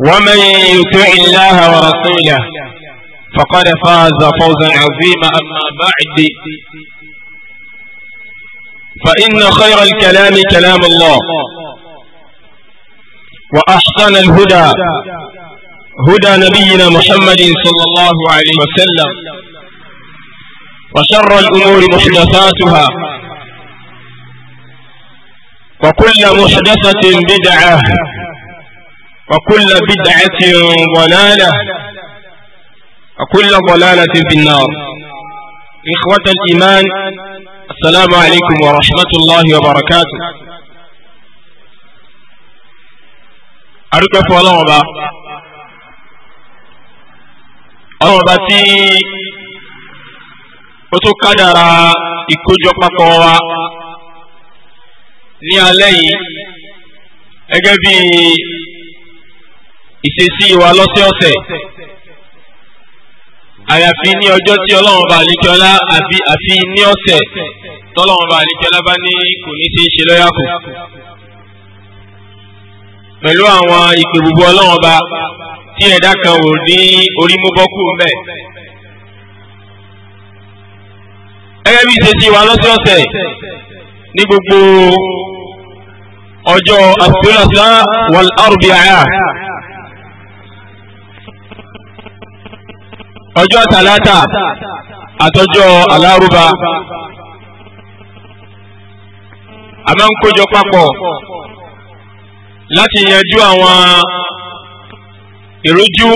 ومن يطع الله ورسوله فقد فاز فوزا عظيما أما بعد فإن خير الكلام كلام الله وأحسن الهدى هدى نبينا محمد صلى الله عليه وسلم وشر الأمور محدثاتها وكل محدثة بدعة وكل بدعة ضلالة وكل ضلالة في النار إخوة الإيمان السلام عليكم ورحمة الله وبركاته أركف ولعبة ọlọ́ọ̀bátí ó tó kádàrà ìkójọpapọ̀ wa ní alẹ́ yìí gẹ́gẹ́ bíi ìṣesí wa lọ́sẹ̀ọ̀sẹ̀ àyàfi ní ọjọ́ tí ọlọ́run bá àlíkẹ́ọ́lá àfi àfi ní ọ̀sẹ̀ tọ́lọ́run bá àlíkẹ́ọ́lá bá ní kò ní ṣe é ṣe lọ́yà kù. pẹ̀lú àwọn ìpè gbogbo ọlọ́run bá tí ẹ̀dá kan ò ní orí mú bọ́kù mbẹ́. gẹ́gẹ́ bí ìṣesí wa lọ́sọ̀ọ̀sẹ̀ ní gbogbo ọjọ́ àsìkò ìlọsílá wàlárùbíà ọjọ́ tàlátà àtọjọ́ alárúbá a máa ń kójọ papọ̀ láti yanjú àwọn ìrújú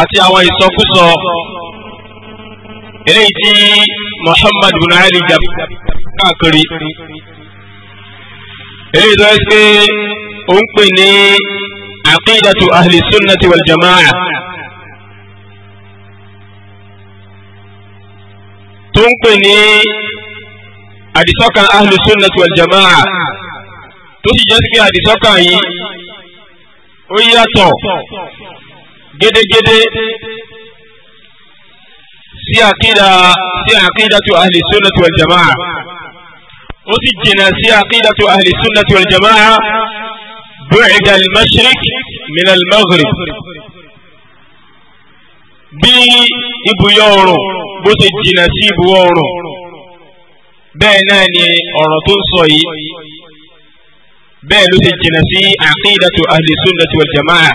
àti àwọn ìsọkúsọ eléyìí tí Muhammad bin Ali jabi káàkiri eléyìí tó yẹ pé ó ń pè ní aqidatu ahli sunnati wal jama'a. tó ń pè ní àdìsọ́kàn ahlu sunnah wal jama'a tó sì jẹ́ pé àdìsọ́kàn yìí ó yàtọ̀ gédégédé sí àkídà sí àkídàtu ahli sunnati wal jama'a ó sì jìnnà sí àkídàtu ahli sunnati wal jama'a bu'da al-mashriq maghrib bí ibùyọ oòrùn bó ṣe jìnnà sí ibùwọ̀ oòrùn bẹ́ẹ̀ náà ni ọ̀rọ̀ tó ń sọ yìí bẹ́ẹ̀ ló ṣe jìnnà sí aqidatu ahli sunnati wal jamaa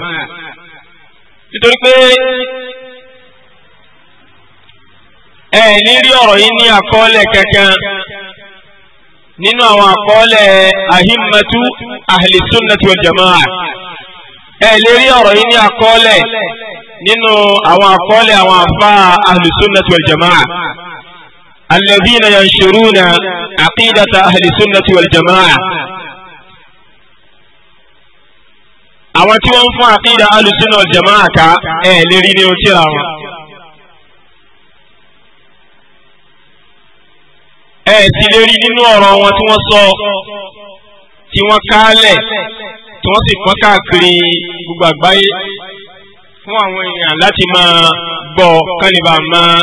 nítorí pé ẹ ní rí ọ̀rọ̀ yìí ní àkọọ́lẹ̀ kankan nínú àwọn àkọọ́lẹ̀ ahimmatu ahli sunnati ẹ lè rí ọ̀rọ̀ yìí ní àkọọ́lẹ̀ nínú àwọn àkọọ́lẹ̀ àwọn àfa ahlùsúnnà wal jama'a alladhina yanshuruna aqidata ahlùsúnnà wal jama'a àwọn tí wọ́n ń fún àkídà alùsùnà jama'a ká ẹ̀ lè rí ní ojú àwọn. ẹ ti lè rí nínú ọ̀rọ̀ wọn tí wọ́n sọ tí wọ́n kálẹ̀ tí wọ́n sì pọ́n káàkiri gbogbo àgbáyé fún àwọn èèyàn láti máa gbọ́ kálíbà máa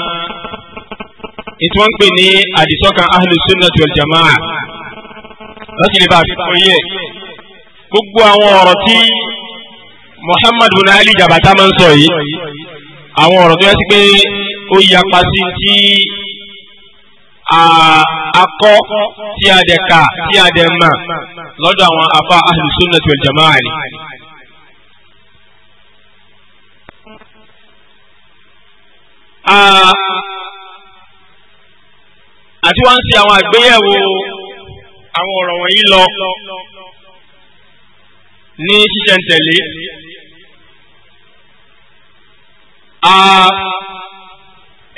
ètò wọn ń pè ní àdìsọ́kàn ahlus sunnah wal jamaa láti lè bá àfikún yẹ gbogbo àwọn ọ̀rọ̀ tí Muhammad bin Ali Jabata máa ń sọ yìí àwọn ọ̀rọ̀ tó yẹ sí pé ó yapa sí tí akọ tí a dẹ̀ kà tí a dẹ̀ mà lọ́dọ̀ àwọn afa ahlus sunnah wal jamaa ni. àti wá ń ṣe àwọn àgbéyẹ̀wò àwọn ọ̀rọ̀ wọ̀nyí lọ ní ṣíṣẹ̀ntẹ̀lé.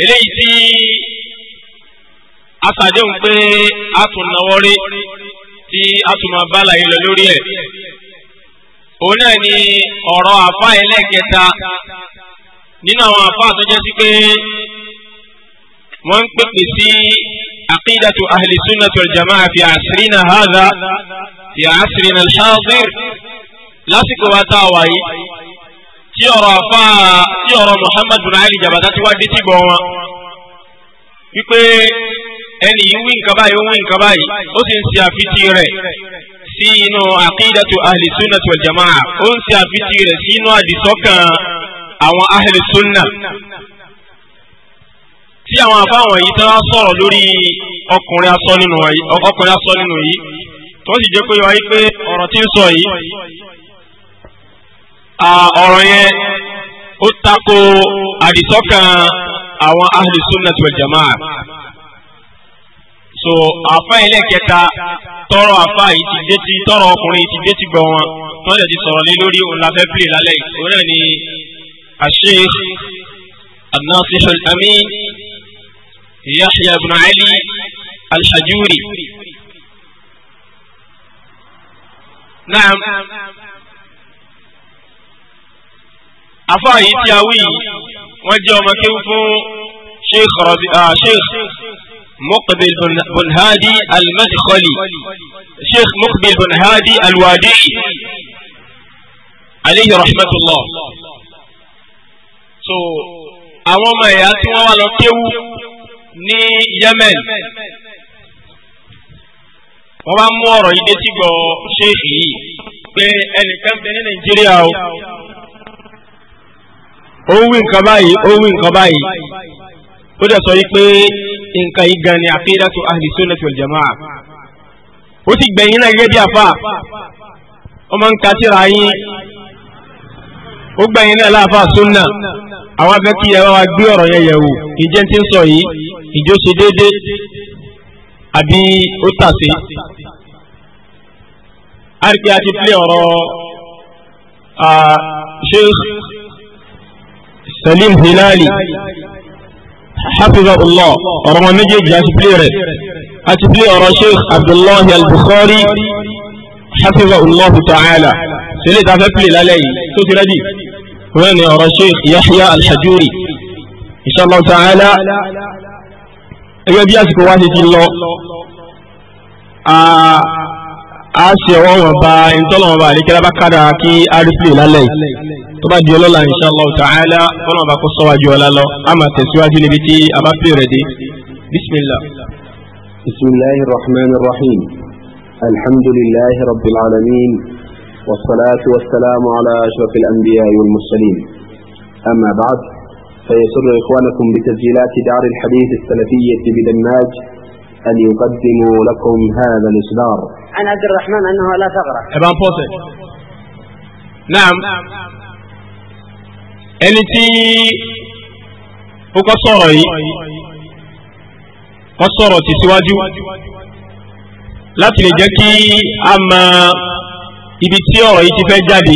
eléyìí tí asàdéhùn pé a tún náwó rí tí a tún máa bá láyé lọ lórí ẹ̀ òun náà ni ọ̀rọ̀ àfáà ẹlẹ́kẹta nínú àwọn àfáà tó jẹ́ sí pé wọ́n ń pèpè sí aqidatu ahli sunnah wal jama'a fi asrina hadha fi asrina al-hadir lásìkò wa tá a wà yìí tí ọ̀rọ̀ àfáà tí ọ̀rọ̀ Muhammad bin Ali Jabata ti wá dé tìbọ̀ wọn wípé ẹni yìí wí nǹkan báyìí ó wí nǹkan báyìí ó sì ń ṣe àfitì rẹ̀ sí inú aqidatu ahli sunnah ó ń ṣe àfitì rẹ̀ sí inú àdìsọ́kàn àwọn ahlu sunna tí àwọn àfáwọn yìí tó wá sọ̀rọ̀ lórí ọkùnrin asọ nínú yìí tó sì jẹ́ pé wáyé pé ọ̀rọ̀ tí ń sọ yìí ọ̀rọ̀ yẹn ó tako àdìsọ́kàn àwọn ahlu sunnati wal jamaa so àfa ẹlẹ́kẹta tọrọ àfa yìí ti dé ti tọrọ ọkùnrin yìí ti dé ti gbọ wọn tọ́jà ti sọ̀rọ̀ lé lórí òun la fẹ́ pè lálẹ́ yìí òun náà ni الشيخ الناصح الأمين يحيى بن علي الحجوري نعم أفاي تياوي وجه مكيوفو شيخ ربي آه شيخ مقبل بن هادي المدخلي شيخ مقبل بن هادي الوادعي عليه رحمة الله so àwọn ọmọ ẹ̀yà tí wọ́n wá lọ kéwú ní Yemen wọ́n bá mú ọ̀rọ̀ yìí létí gbọ́ ṣéèkì yìí pé ẹnìkan bẹ ní Nàìjíríà o ó wí nǹkan báyìí ó wí nǹkan báyìí ó dẹ̀ sọ yìí pé nǹkan yìí gan ni aqidatu ahli sunnati wal jamaa ó ti gbẹ̀yìn náà gẹ́gẹ́ bí àfa ọmọ nǹkan tíra yín ó gbẹ̀yìn náà láàfa sunna àwọn afẹ́ kí ẹ wá gbé ọ̀rọ̀ yẹn yẹ̀wò ìjẹ́ ti ń sọ yìí ìjó ṣe déédéé àbí ó tàsé. àríkè àti pílẹ̀ ọ̀rọ̀ Sheikh Salim Hilali hafiza Allah ọ̀rọ̀ wọn méjèèjì àti pílẹ̀ rẹ̀ àti pílẹ̀ ọ̀rọ̀ Sheikh Abdullahi al-Bukhari hafiza Allah ta'ala sílẹ̀ ìtafẹ́ pílẹ̀ lálẹ́ yìí tó ti rẹ́dì wọ́n ní ọ̀rọ̀ sheikh yahya alhajuri inshallah ta'ala ẹgbẹ́ bí àsìkò wá ti ti lọ a ṣe ọwọ́ wọn ba ìtọ́lọ́wọ́ ba àríkẹ́lá bá kára kí arífìlè lálẹ́ tó bá di ọlọ́la inshallah ta'ala ọlọ́run bá kó sọ́wájú ọlá lọ a máa tẹ̀síwájú níbi tí a bá pè rẹ̀ dé bismillah. bismillahir rahmanir rahim alhamdulillahi rabbil alamin. والصلاة والسلام على أشرف الأنبياء والمرسلين أما بعد فيسر إخوانكم بتسجيلات دار الحديث السلفية بدماج أن يقدموا لكم هذا الإصدار انا عبد الرحمن أنه لا ثغرة إبان بوتش نعم أنتي وكسوري قصرتي سواجو لا lè اما ibi tí ọ̀rọ̀ yìí ti fẹ́ jáde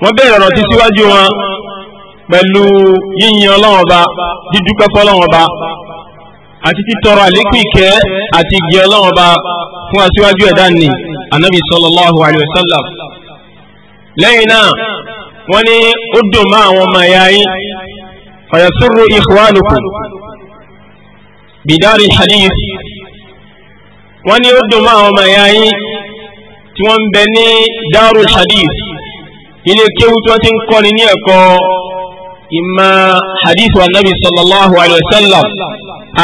wọ́n bẹ̀rẹ̀ ọ̀rọ̀ tí síwájú wọn pẹ̀lú yíyin ọlọ́wọ́n ba dídúpẹ́ fọlọ́wọ́n ba àti títọrọ àlékún ìkẹ́ àti igi ọlọ́wọ́n ba fún aṣíwájú ẹ̀dá ni anabi sallallahu alayhi wa sallam lẹ́yìn náà wọ́n ní ó dùn mọ́ àwọn ọmọ ẹ̀yà yín fàyàsúrù ikhwanukum bidari hadith wọ́n ní ó dùn máa ọmọ ẹ̀yà yín tí wọ́n ń bẹ ní darul hadith ilé kéwú tí wọ́n ti ń kọ́ni ní ẹ̀kọ́ ìmọ̀ hadith wa nabi sallallahu alayhi wa sallam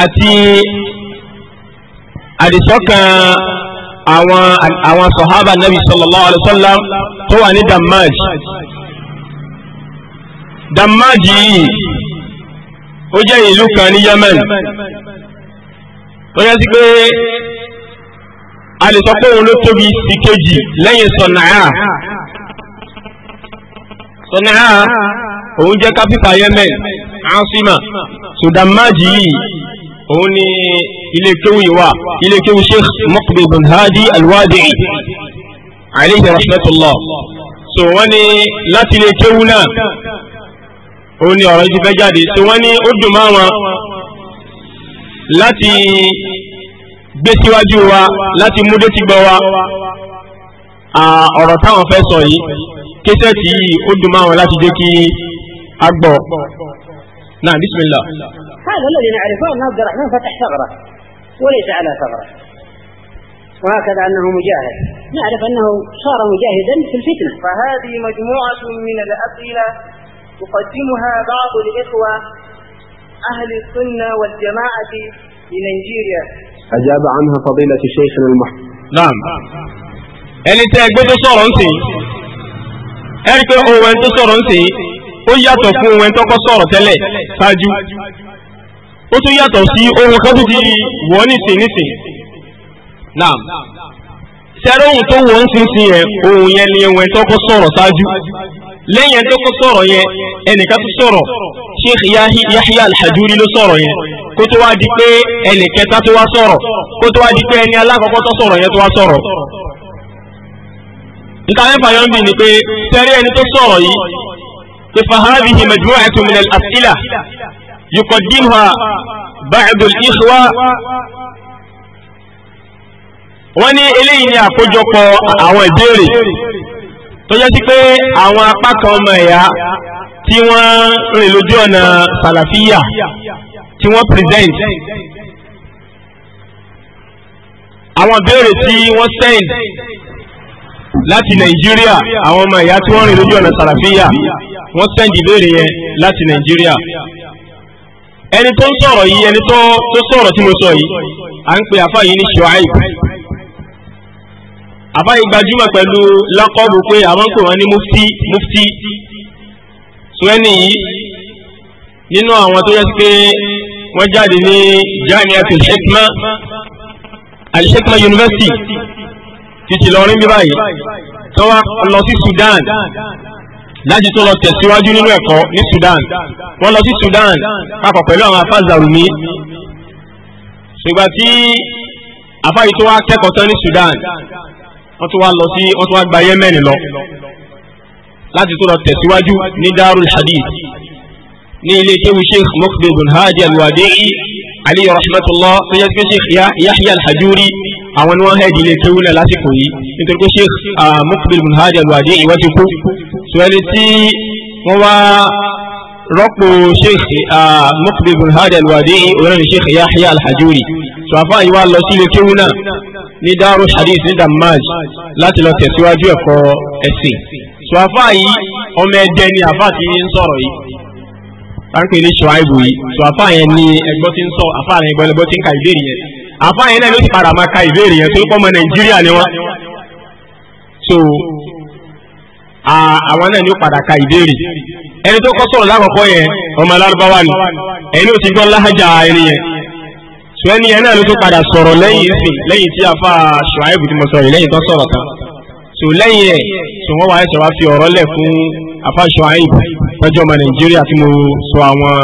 àti àdìsọ́kàn àwọn àwọn sọ̀hábà nabi sallallahu alayhi wa sallam tó wà ní damaj damaj yìí ó jẹ́ ìlú kan ní yemen ó yẹ sí pé a lè sọ pé òun ló tóbi sí kejì lẹ́yìn sọ̀nàá sọ̀nàá òun jẹ́ kápítà yemen asima sudamaji yìí òun ni ilé kéwù yìí wà ilé kéwù sheikh mokbe bin hadi alwadi'i alayhi rahmatullah so wọ́n ní láti ilé náà òun ni ọ̀rọ̀ yìí ti fẹ́ jáde so wọ́n ní ó dùn máa wọn láti gbé síwájú wa láti múdé ti gbọ́ wa ọ̀rọ̀ táwọn fẹ́ sọ yìí késẹ́ẹ̀tì yìí ó dùn máa wọn láti jẹ́ kí a gbọ́ náà bísímìlá. هذا الذي نعرفه الناس جرحناه فتح ثغرة وليس على ثغرة وهكذا أنه مجاهد نعرف أنه صار مجاهدا في الفتنة فهذه مجموعة من الأسئلة يقدمها بعض الإخوة أهل السنة والجماعة لنيجيريا أجاب عنها فضيلة شيخنا المحترم نعم ẹni tẹ́ ẹ gbé tó sọ̀rọ̀ ń sìn ẹ rí i tó sọ̀rọ̀ ń sìn ó yàtọ̀ tó sọ̀rọ̀ tẹ́lẹ̀ ṣáájú ó tún yàtọ̀ ohun lẹ́yìn tó kọ́ sọ̀rọ̀ yẹn ẹnìkan tó sọ̀rọ̀ sheikh yahya alhajuri ló sọ̀rọ̀ yẹn kó tó wá di pé ẹnìkẹta tó wá sọ̀rọ̀ kó tó wá di pé ẹni alákọ̀ọ́kọ́ tó sọ̀rọ̀ yẹn tó wá sọ̀rọ̀. níta mẹ́fà yọ̀ ń bì ní pé sẹ́rí ẹni tó sọ̀rọ̀ yìí pé fahadihi majmu'atun min al-as'ila yuqaddimuha ba'du al-ikhwa wọ́n ní eléyìí ni àkójọpọ̀ àwọn ìbéèrè tó jẹ́ sí pé àwọn apá kan ọmọ ẹ̀yà tí wọ́n rìn lójú ọ̀nà sàlàfíà tí wọ́n present àwọn ìbéèrè tí wọ́n send láti nàìjíríà àwọn ọmọ ẹ̀yà tí wọ́n rìn lójú ọ̀nà sàlàfíà wọ́n send ìbéèrè yẹn láti nàìjíríà ẹni tó ń sọ̀rọ̀ yìí ẹni tó sọ̀rọ̀ tí mo sọ yìí à ń pè àfáà yìí ní ṣùáìbù àbáyé gbajúmọ̀ pẹ̀lú lákọ́ọ̀bù pé àwọn kò wọ́n ní mufti mufti so ẹni yìí nínú àwọn tó yẹ sí pé wọ́n jáde ní Jamiatul Hikma Al Hikma University títí lọrin bí báyìí tó wá lọ sí Sudan láti tó lọ tẹ̀síwájú nínú ẹ̀kọ́ ní Sudan wọ́n lọ sí Sudan papọ̀ pẹ̀lú àwọn afázàrùmí ṣùgbọ́n tí afáyí tó wá kẹ́kọ̀ọ́ tán ní Sudan wọ́n tún wá lọ sí wọ́n tún wá gba Yemen lọ láti tó lọ tẹ̀síwájú ní Darul Hadith ní ilé kéwu Sheikh Muqbil bin Hadi Al-Wadi'i alayhi rahmatullah tó yẹ kí Sheikh Yahya al àwọn ni wọ́n hẹ́ẹ̀dì ilé kéwu náà lásìkò yìí nítorí pé Sheikh Muqbil bin Hadi Al-Wadi'i ti kú sọ tí wọ́n wá rọ́pò Sheikh Muqbil bin Hadi Al-Wadi'i òun ni Sheikh Yahya Al-Hajuri sọ àfáà lọ sí ilé kéwu náà ní Daru Hadith ní Dammaj láti lọ tẹ̀síwájú ẹ̀kọ́ ẹ̀sìn so afa yìí ọmọ ẹdẹ ni afa ti ń sọ̀rọ̀ yìí táǹkì ní ṣọ́àìbù yìí so afa yẹn ni ẹgbọ́ ti ń sọ afa yẹn gbọ́ ẹgbọ́ ti ń ka ìbéèrè yẹn afa yẹn náà ló ti padà máa ka ìbéèrè yẹn torí pọ́ ọmọ Nàìjíríà ni wọ́n so àwọn náà ni ó padà ka ìbéèrè ẹni tó kọ́ sọ̀rọ̀ lákọ̀ọ́kọ́ yẹn ọmọ alárúbáwá ni ẹni ó ti gbọ́ láhájà ẹni yẹn tẹ́ni ẹ̀ náà ló tún padà sọ̀rọ̀ lẹ́yìn sí lẹ́yìn tí afa ṣùáìbù tí mo sọ̀rọ̀ lẹ́yìn tó sọ̀rọ̀ tán so lẹ́yìn ẹ̀ so wọ́n wá ẹ̀sẹ̀ wá fi ọ̀rọ̀ lẹ̀ fún afa ṣùáìbù tọ́jú ọmọ nàìjíríà tí mo sọ àwọn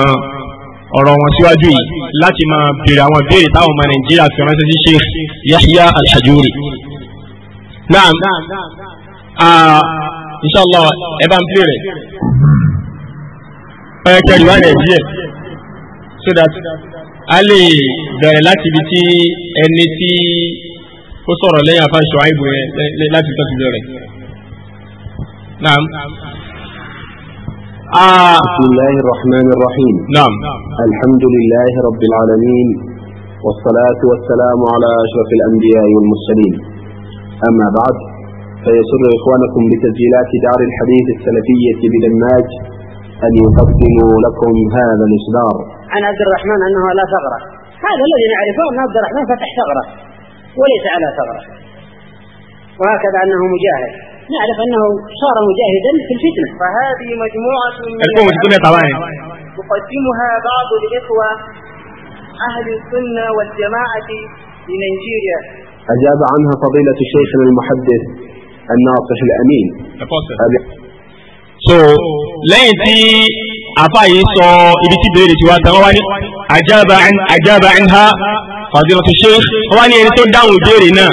ọ̀rọ̀ wọn síwájú yìí láti máa béèrè àwọn béèrè táwọn ọmọ nàìjíríà fi ránṣẹ́ sí Sheikh Yahya al inshallah ẹ bá ń pè rẹ̀ ẹ kẹrìwá nàìjíríà so that a lè bẹ̀rẹ̀ láti ibi tí ẹni tí ó sọ̀rọ̀ lẹ́yìn afá Ṣuaibu yẹn láti tọ́ ti bẹ̀rẹ̀. بسم الله الرحمن الرحيم نعم الحمد لله رب العالمين والصلاة والسلام على أشرف الأنبياء والمرسلين أما بعد فيسر إخوانكم بتسجيلات دار الحديث السلفية بدماج أن يقدموا لكم هذا الإصدار عن عبد الرحمن أنه لا ثغرة هذا الذي نعرفه أن عبد الرحمن فتح ثغرة وليس على ثغرة وهكذا أنه مجاهد نعرف أنه صار مجاهدا في الفتنة فهذه مجموعة من يقدمها بعض الإخوة أهل السنة والجماعة في نيجيريا أجاب عنها فضيلة الشيخ المحدث الناصح الأمين So, lẹ́yìn tí àfáàyè sọ ibi tí béèrè ti wá tán wá ní àjábà anha fadilatu sheikh wá ní ẹni tó dáhùn béèrè náà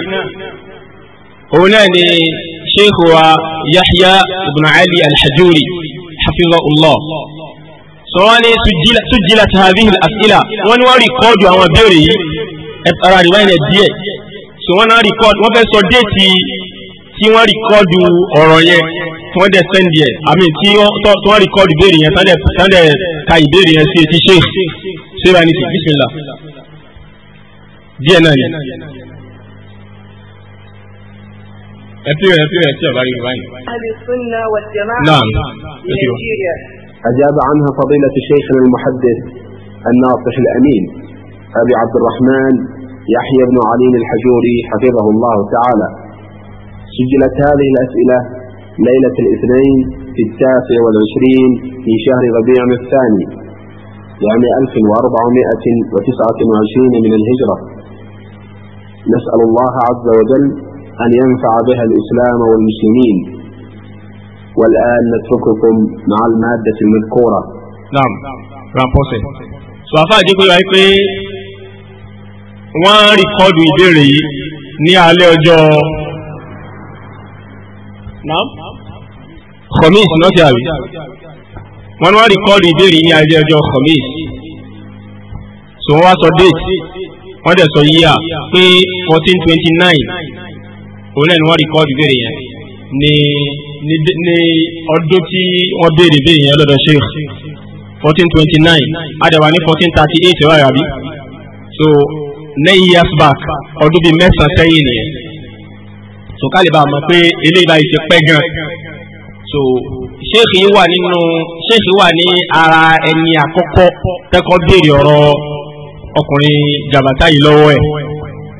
òun náà ni sheikh wa yahya ibn ali alhajuri hafizahullah sọ wá ní sujjila hadhihi asila wọ́n ní wọ́n rìkọ́ọ̀dù àwọn béèrè yìí ara rẹ̀ wáyé díẹ̀ sọ wọ́n náà rìkọ́ọ̀dù wọ́n fẹ́ sọ déètì tí wọ́n rìkọ́ọ̀dù ọ̀rọ̀ yẹn to wọ́n dẹ̀ sẹ́ndì ẹ̀ àmì tí wọ́n rìkọ́dù ìbéèrè yẹn sáńdẹ̀ ka ìbéèrè yẹn sí etí sheikh sera ní ti bisimilá díẹ̀ náà yẹn. ẹ pèrè ẹ pèrè tí ọba yìí báyìí. naam ẹ pèrè. أجاب عنها فضيلة شيخنا المحدث الناصح الأمين أبي عبد الرحمن يحيى بن علي الحجوري حفظه الله تعالى سجلت هذه الأسئلة ليلة الاثنين في التاسع والعشرين من شهر ربيع الثاني يعني لعام 1429 من الهجرة نسأل الله عز وجل أن ينفع بها الإسلام والمسلمين والآن نترككم مع المادة المذكورة نعم نعم سوافا جيكو يوائي wọ́n rìkọ́dù ìbéèrè yìí ní alẹ́ khamis náà ti àbí wọ́n wá rìkọ́ọ̀dù ìbéèrè ní ayé ọjọ́ khamis so wọ́n wá sọ date wọ́n dẹ̀ sọ yíyà pé fourteen twenty nine òun náà ni wọ́n rìkọ́ọ̀dù ìbéèrè yẹn ní ní ọdún tí wọ́n béèrè ìbéèrè yẹn lọ́dọ̀ sheikh fourteen twenty nine adàwà ní fourteen thirty eight wà rábí so nine years back ọdún bíi mẹ́sàn-án sẹ́yìn nìyẹn so ká lè bá a mọ̀ pé eléyìí báyìí ti pẹ́ gan-an so sheikh yìí wà nínú sheikh wà ní ara ẹni àkọ́kọ́ tẹ́kọ́ béèrè ọ̀rọ̀ ọkùnrin jàbátá yìí lọ́wọ́ ẹ̀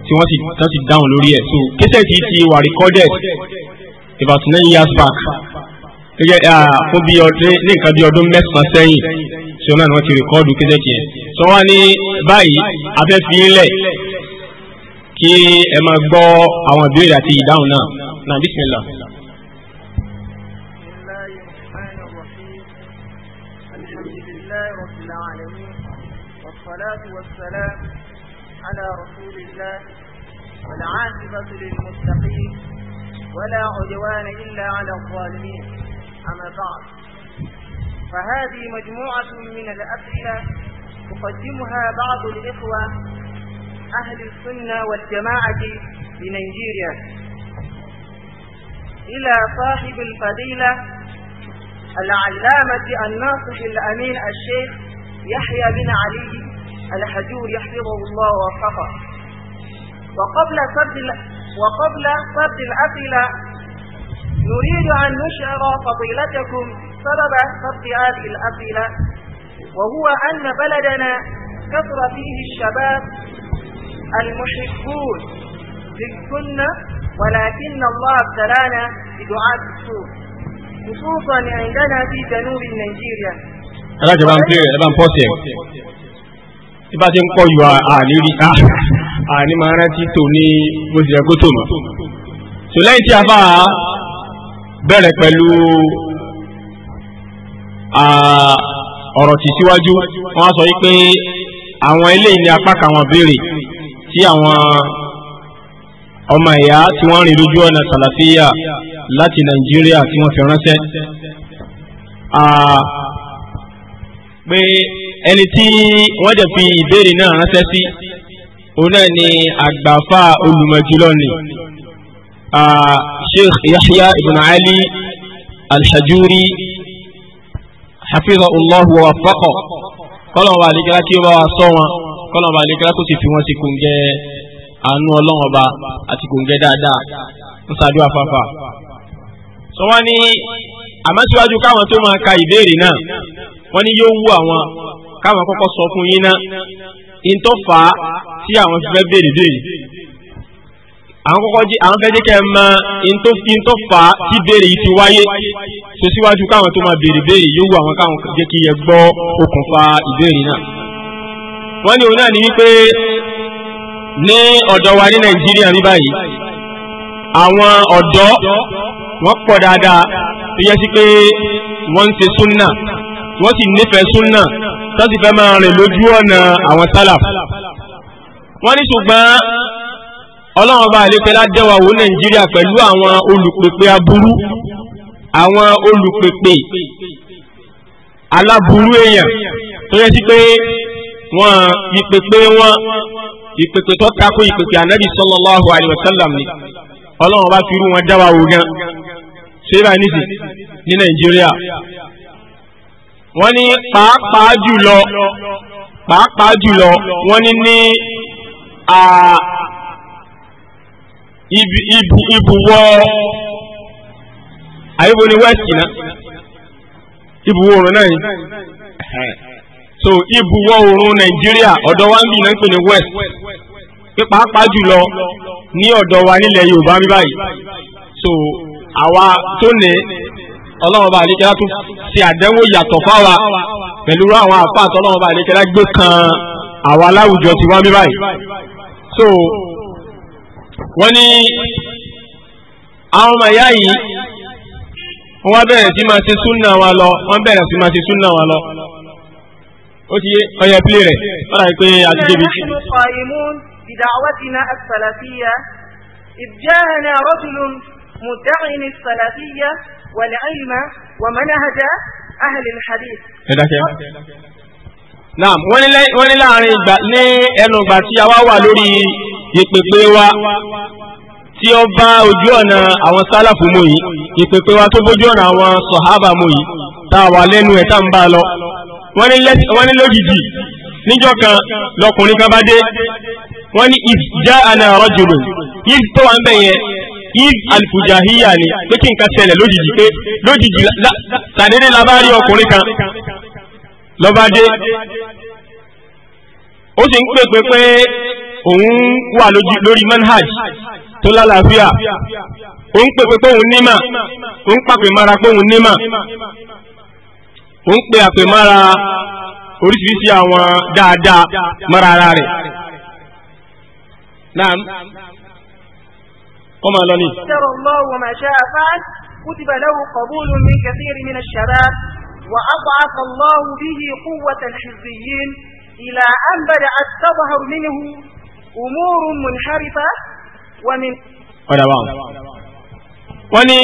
tí wọ́n ti dáhùn lórí ẹ̀ so kéṣẹ́ ti ti wà recorded about nine years back gẹ́gẹ́ fún bí ọdún ní nǹkan bí ọdún mẹ́sàn-án sẹ́yìn ṣé náà ni wọ́n ti rìkọ́ọ̀dù kéṣẹ́ tiẹ̀ sọ wá ní báyìí abẹ́fínlẹ̀ kí ẹ máa gbọ́ àwọn ìbéèrè àti ìdáhùn náà náà bísí mi lọ. رسول الله والعاقبة للمتقين ولا عدوان إلا على الظالمين أما بعد فهذه مجموعة من الأسئلة تقدمها بعض الإخوة أهل السنة والجماعة بنيجيريا إلى صاحب الفضيلة العلامة الناصح الأمين الشيخ يحيى بن علي الحجور يحفظه الله ووفقه وقبل سرد وقبل سرد الأسئلة نريد أن نشعر فضيلتكم سبب سرد هذه الأسئلة وهو أن بلدنا كثر فيه الشباب المحبون للسنة ولكن الله ابتلانا بدعاء السوء خصوصا عندنا في جنوب نيجيريا. ìbá ti ń pọ̀ yọ àníri àní máa rántí tò ní bó ti yẹ kó tò mọ́. lẹ́yìn tí a bá bẹ̀rẹ̀ pẹ̀lú ọ̀rọ̀ tí síwájú wọ́n á sọ wípé àwọn eléyìí ni apá kan àwọn béèrè tí àwọn ọmọ ẹ̀yà tí wọ́n rìn lójú ọ̀nà sàlàfíà láti nàìjíríà tí wọ́n fi ránṣẹ́ pé ẹni tí wọ́n jẹ́ fi ìbéèrè náà ránṣẹ́ sí òun náà ni àgbàfà olùmọ̀jùlọ ni Sheikh Yahya ibn Ali al-Hajuri Allahu wa waffaqahu kọ́lọ̀ wà lẹ́kẹ́lá kí ó bá wa sọ wọn kọ́lọ̀ wà lẹ́kẹ́lá kó sì fi wọ́n sí kòǹgẹ́ àánú ọlọ́run ọba àti kòǹgẹ́ dáadáa ń ṣàdúrà fáfà. sọ wọ́n ní àmọ́ síwájú káwọn tó máa ka ìbéèrè náà wọ́n ní yóò wú àwọn káwọn kọ́kọ́ sọ fún yín náà ìtọ́ fà á tí àwọn fẹ́ béèrè béèrè àwọn kọ́kọ́ jẹ́ àwọn fẹ́ jẹ́ kẹ́ mọ ìtọ́ fi ìtọ́ fà á tí béèrè yìí ti wáyé tó síwájú káwọn tó máa béèrè béèrè yóò wù àwọn káwọn jẹ́ kí yẹ gbọ́ okùnfà ìbéèrè náà wọ́n ní òun náà ní wípé ní ọ̀dọ̀ wa ní nàìjíríà ní báyìí àwọn ọ̀dọ́ wọ́n pọ̀ dáadáa tó yẹ sí pé wọ́n ń ṣe súnnà wọ́n sì nífẹ̀ẹ́ súnnà tó sì fẹ́ máa rìn lójú ọ̀nà àwọn sálàf wọ́n ní ṣùgbọ́n ọlọ́run ọba àlékelá dẹ́wà wò nàìjíríà pẹ̀lú àwọn olùpèpè aburú àwọn olùpèpè aláburú èèyàn tó yẹ sí pé wọ́n ìpèpè wọn ìpèpè tó takò ìpèpè ànábì sallallahu alaihi wasallam ni ọlọ́run ọba fi irú wọn dẹ́wà wò gan ṣé báyìí nìsí ní nàìjíríà wọ́n ní pàápàá jùlọ pàápàá jùlọ wọ́n ní ní ibùwọ̀ àyíbo ní west náà ibùwọ̀ oòrùn náà yìí so ibùwọ̀ oòrùn nàìjíríà ọ̀dọ̀ wa ń bì náà ń pè ní west pé pàápàá jùlọ ní ọ̀dọ̀ wa nílẹ̀ yorùbá bí báyìí so àwa tó ní ọlọ́run bá àlékẹ́lá tún ṣe àdẹ́wò yàtọ̀ fáwa pẹ̀lú àwọn àfa àtọ́lọ́run bá àlékẹ́lá gbé kan àwa láwùjọ tiwa bí báyìí. so wọ́n ní àwọn ọmọ ìyá yìí wọ́n wá bẹ̀rẹ̀ sí máa ṣe súnà wa lọ wọ́n bẹ̀rẹ̀ sí máa ṣe súnà wa lọ. ó ti yé ọyẹ pílé rẹ̀ wọ́n rà pé a ti débi. بدعوتنا السلفية إذ جاءنا رجل مدعي السلفية والعلم ومنهج أهل الحديث naam wọ́n ní wọ́n ní láàrin ìgbà ní ẹnu ìgbà tí a wá wà lórí ìpèpè wa tí ó bá ojú ọ̀nà àwọn sálàfù mú yìí ìpèpè wa tó bójú ọ̀nà àwọn sọ̀hábà mú yìí tá a wà lẹ́nu ẹ̀ tá ń bá a lọ wọ́n ní lójijì níjọ́ kan lọkùnrin kan bá dé wọ́n ní ìjà àná rajulun yìí tó wà ń bẹ̀ yẹn if alifujahiya ni pé kí nǹkan ṣẹlẹ̀ lójijì pé lójijì tàdédé la bá rí ọkùnrin kan lọ́ba dé ó sì ń pè pé pé òun wà lórí manhaj tó lálàáfíà òun pè pé pé òun nímà òun pàpè mara pé òun nímà òun pè àpè mára oríṣiríṣi àwọn dáadáa mara ara rẹ̀. kọ́ máa lọ ní. ṣẹ́rọ̀ mọ́ wọn máa ṣe àfáàn kútìbà lẹ́wọ̀ kọ̀bùlù mi kẹfìrì mi ṣàbá wà á bọ̀ àfọ̀ lọ́wọ́ bí yìí kú wọ́tà ṣùgbìyìn ìlà án bẹ̀rẹ̀ àtọ́wọ́hùn nínú umurun munharifa wa min. ọ̀dà wa wọ́n ní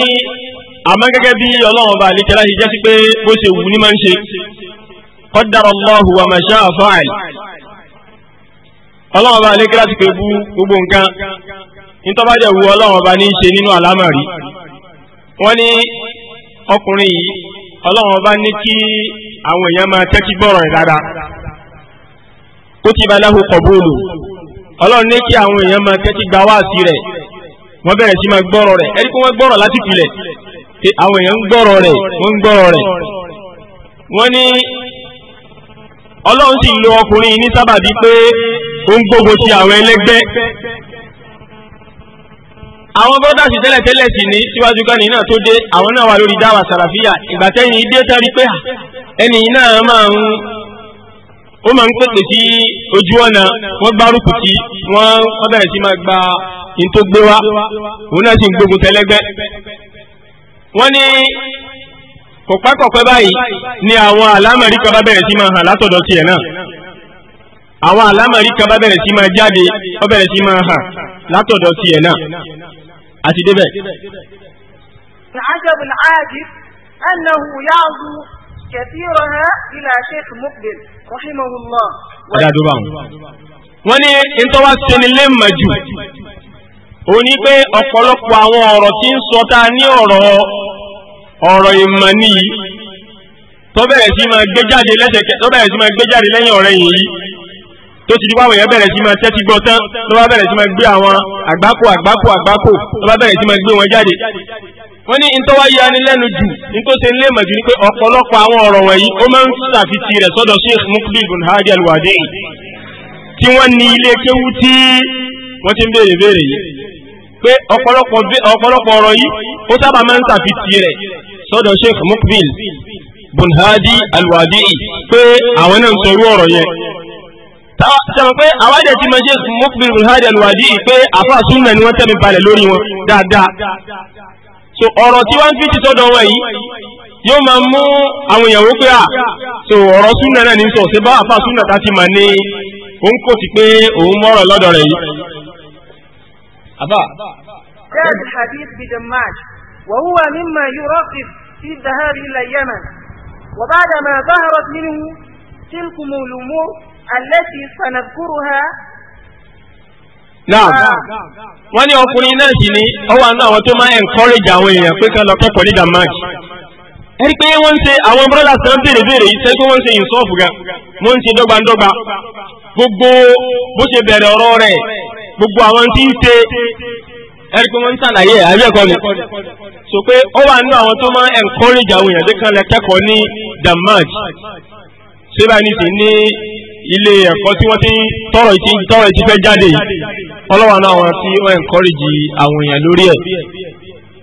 àmọ́ gẹ́gẹ́ bí ọlọ́run bá àlékẹ́lá ṣe jẹ́ sí pé bó ṣe wù ní máa ń ṣe qaddara Allahu wa ma sha'a fa'al ọlọ́run bá àlékẹ́lá ti pè bú gbogbo nǹkan nítorí bá jẹ́ wu ọlọ́run ọba ní í ṣe nínú àlámọ̀rí wọ́n ní ọkùnrin yìí ọlọ́run ọba ní kí àwọn èèyàn máa tẹ́tí gbọ́rọ̀ rẹ̀ dáadáa kutiba lahu qabulu ọlọ́run ní kí àwọn èèyàn máa tẹ́tí gba wáàsí rẹ̀ wọ́n bẹ̀rẹ̀ sí máa gbọ́rọ̀ rẹ̀ ẹni pé wọ́n gbọ́rọ̀ láti pilẹ̀ pé àwọn èèyàn ń gbọ́rọ̀ rẹ̀ wọ́n ń gbọ́rọ̀ rẹ̀ wọ́n ní ọlọ́run sì lo ọkùnrin ní sábàbí pé ó ń gbógun ti àwọn ẹlẹ́gbẹ́ àwọn bọ́dàsì tẹ́lẹ̀ tẹ́lẹ̀ sì ní síwájú kan ní náà tó dé àwọn náà wà lórí dáwà sàràfíà ìgbà tẹ́yìn dé tẹ́rí pé ẹni náà máa ń ó máa ń pèpè sí ojú ọ̀nà wọ́n gbárùkù tí wọ́n bẹ̀rẹ̀ sí máa gba in tó gbé wá òun náà sì ń gbógun tẹ́lẹ́gbẹ́ wọ́n ní kọ̀pẹ́kọ̀pẹ́ báyìí ni àwọn àlámọ̀rí kan bá bẹ̀rẹ̀ sí máa hàn látọ̀dọ̀ tiẹ̀ náà àwọn àlámọ̀rí kan bá bẹ̀rẹ̀ sí máa jáde ó bẹ̀rẹ̀ sí máa hàn látọ̀dọ̀ tiẹ̀ náà àti débẹ̀. العجب العاجب أنه يعزو كثيرها إلى ọ̀dà wọ́n ní ní pé ọ̀pọ̀lọpọ̀ àwọn ọ̀rọ̀ tí ń sọ ta ní ọ̀rọ̀ ọ̀rọ̀ ìmọ̀ nìyí sí máa gbé jáde lẹ́yìn ọ̀rẹ́ yìí tó ti di wáwọ̀ yẹn bẹ̀rẹ̀ sí máa tẹ́tí gbọ́ tán tó bá bẹ̀rẹ̀ sí máa gbé àwọn àgbákò àgbákò àgbákò tó bá bẹ̀rẹ̀ sí máa gbé wọn jáde. wọ́n ní ntọ́ wáyé anilẹ́nu jù ntọ́sẹ̀ ń lé ni pé ọ̀pọ̀lọpọ̀ àwọn ọ̀rọ̀ wọ̀nyí ó máa ń rẹ̀ sọ́dọ̀ Sheikh Mukbil bin Hadi al tí wọ́n ní ilé wọ́n ti ń béèrè pé ọ̀pọ̀lọpọ̀ ọ̀rọ̀ sọ̀rọ̀ pé àwádẹ̀ tí mo ṣe mọ́kùnrin olùhádẹ̀ lùwàdí pé àfáà súnmọ̀ ni wọ́n tẹ́mi balẹ̀ lórí wọn dáadáa so ọ̀rọ̀ tí wọ́n fi ti sọ́dọ̀ wọn yìí yóò máa mú àwọn èèyàn wípé à ah, so ọ̀rọ̀ súnmọ̀ náà ní sọ ṣe bá àfáà súnmọ̀ tá ti mà ní òun kò sí pé òun mọ́rọ̀ lọ́dọ̀ rẹ̀ yìí. àbá. جاء الحديث بدماج وهو مما يرقب في الذهاب إلى اليمن وبعدما ظهرت منه تلك الأمور التي سنذكرها náà wọ́n ní ọkùnrin náà sì ni ó wà ní àwọn tó máa ń encourage àwọn èèyàn pé ká lọ kẹ́kọ̀ọ́ ní Denmark ẹ̀rí pé wọ́n ń ṣe àwọn brothers kan béèrè béèrè yìí sẹ́kọ́ wọ́n ń ṣe ìsọ́ọ̀fù gan wọ́n ń ṣe dọ́gbandọ́gba gbogbo bó ṣe bẹ̀rẹ̀ ọ̀rọ̀ rẹ̀ gbogbo àwọn tí ń ṣe ẹ̀rí pé wọ́n ń ṣàlàyé àbẹ́ẹ̀kọ́ ni sọ pé ó wà àwọn tó máa ilé ẹ̀kọ́ tí wọ́n ti ń tọrọ ìtí tọrọ ìtí fẹ́ jáde ọlọ́wà náà wọn tí ó ẹ̀ńkọ́rìjì àwọn èèyàn lórí ẹ̀.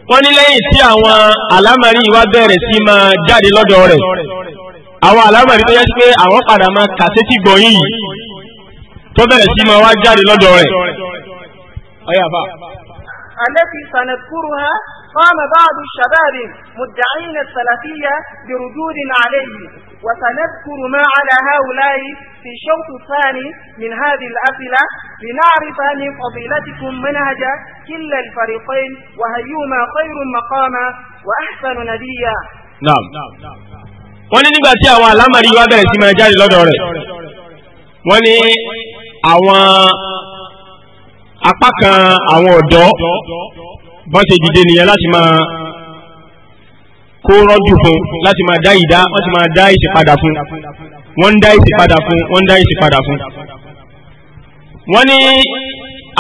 wọ́n ní lẹ́yìn tí àwọn àlámàrí ìwà bẹ̀rẹ̀ sí máa jáde lọ́dọ̀ rẹ̀ àwọn àlámàrí tó yẹ sí pé àwọn padà máa kàṣẹ́tì gbọ̀nyìn yìí tó bẹ̀rẹ̀ sí máa wá jáde lọ́dọ̀ rẹ̀. التي سنذكرها قام بعض الشباب مدعين السلفية بردود عليه وسنذكر ما على هؤلاء في الشوط الثاني من هذه الأسئلة لنعرف من فضيلتكم منهج كلا الفريقين وهيهما خير مقاما وأحسن نبيا نعم wọ́n ní nígbà tí àwọn àlámàrí wá bẹ̀rẹ̀ sí máa jáde lọ́dọ̀ rẹ̀ wọ́n ní àwọn apá kan àwọn ọ̀dọ́ bọ́n ṣe dìde nìyẹn láti máa kó rọ́dù fún láti máa dá ìdá wọ́n ti máa dá ìṣèpadà fún wọ́n ń dá ìṣèpadà fún wọ́n ń dá ìṣèpadà fún. wọ́n ní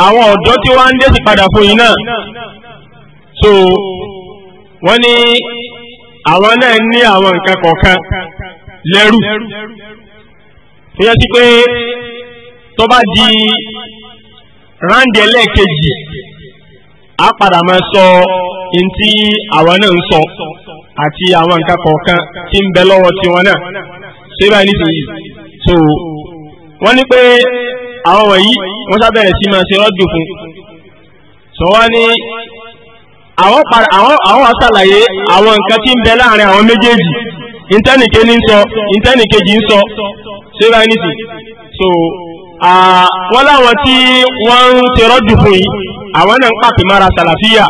àwọn ọ̀dọ́ tí wọ́n á ń dé ìṣèpadà fún yìí náà so wọ́n ní àwọn náà ní àwọn nǹkan kọ̀ọ̀kan lẹ́rù tó yẹ sí pé tó bá di ráńdì ẹlẹ́ẹ̀kejì á padà máa sọ ohun tí àwọn náà ń sọ. So, àti àwọn nǹkan kọ̀ọ̀kan tí ń bẹ lọ́wọ́ tiwọn náà ṣé báyìí nítorí so wọ́n ní pé àwọn wọ̀nyí wọ́n sábẹ̀rẹ̀ sí máa ṣe rọ́dù fún sọ wá ní àwọn padà àwọn àwọn àṣàlàyé àwọn nǹkan tí ń bẹ láàrin àwọn méjèèjì ìtẹ́nìké ní sọ ìtẹ́nìkejì ń sọ ṣé báyìí nítorí so wọ́n láwọn tí wọ́n ń ṣe rọ́dù fún yìí àwọn náà ń pàpè mára sàlàfíà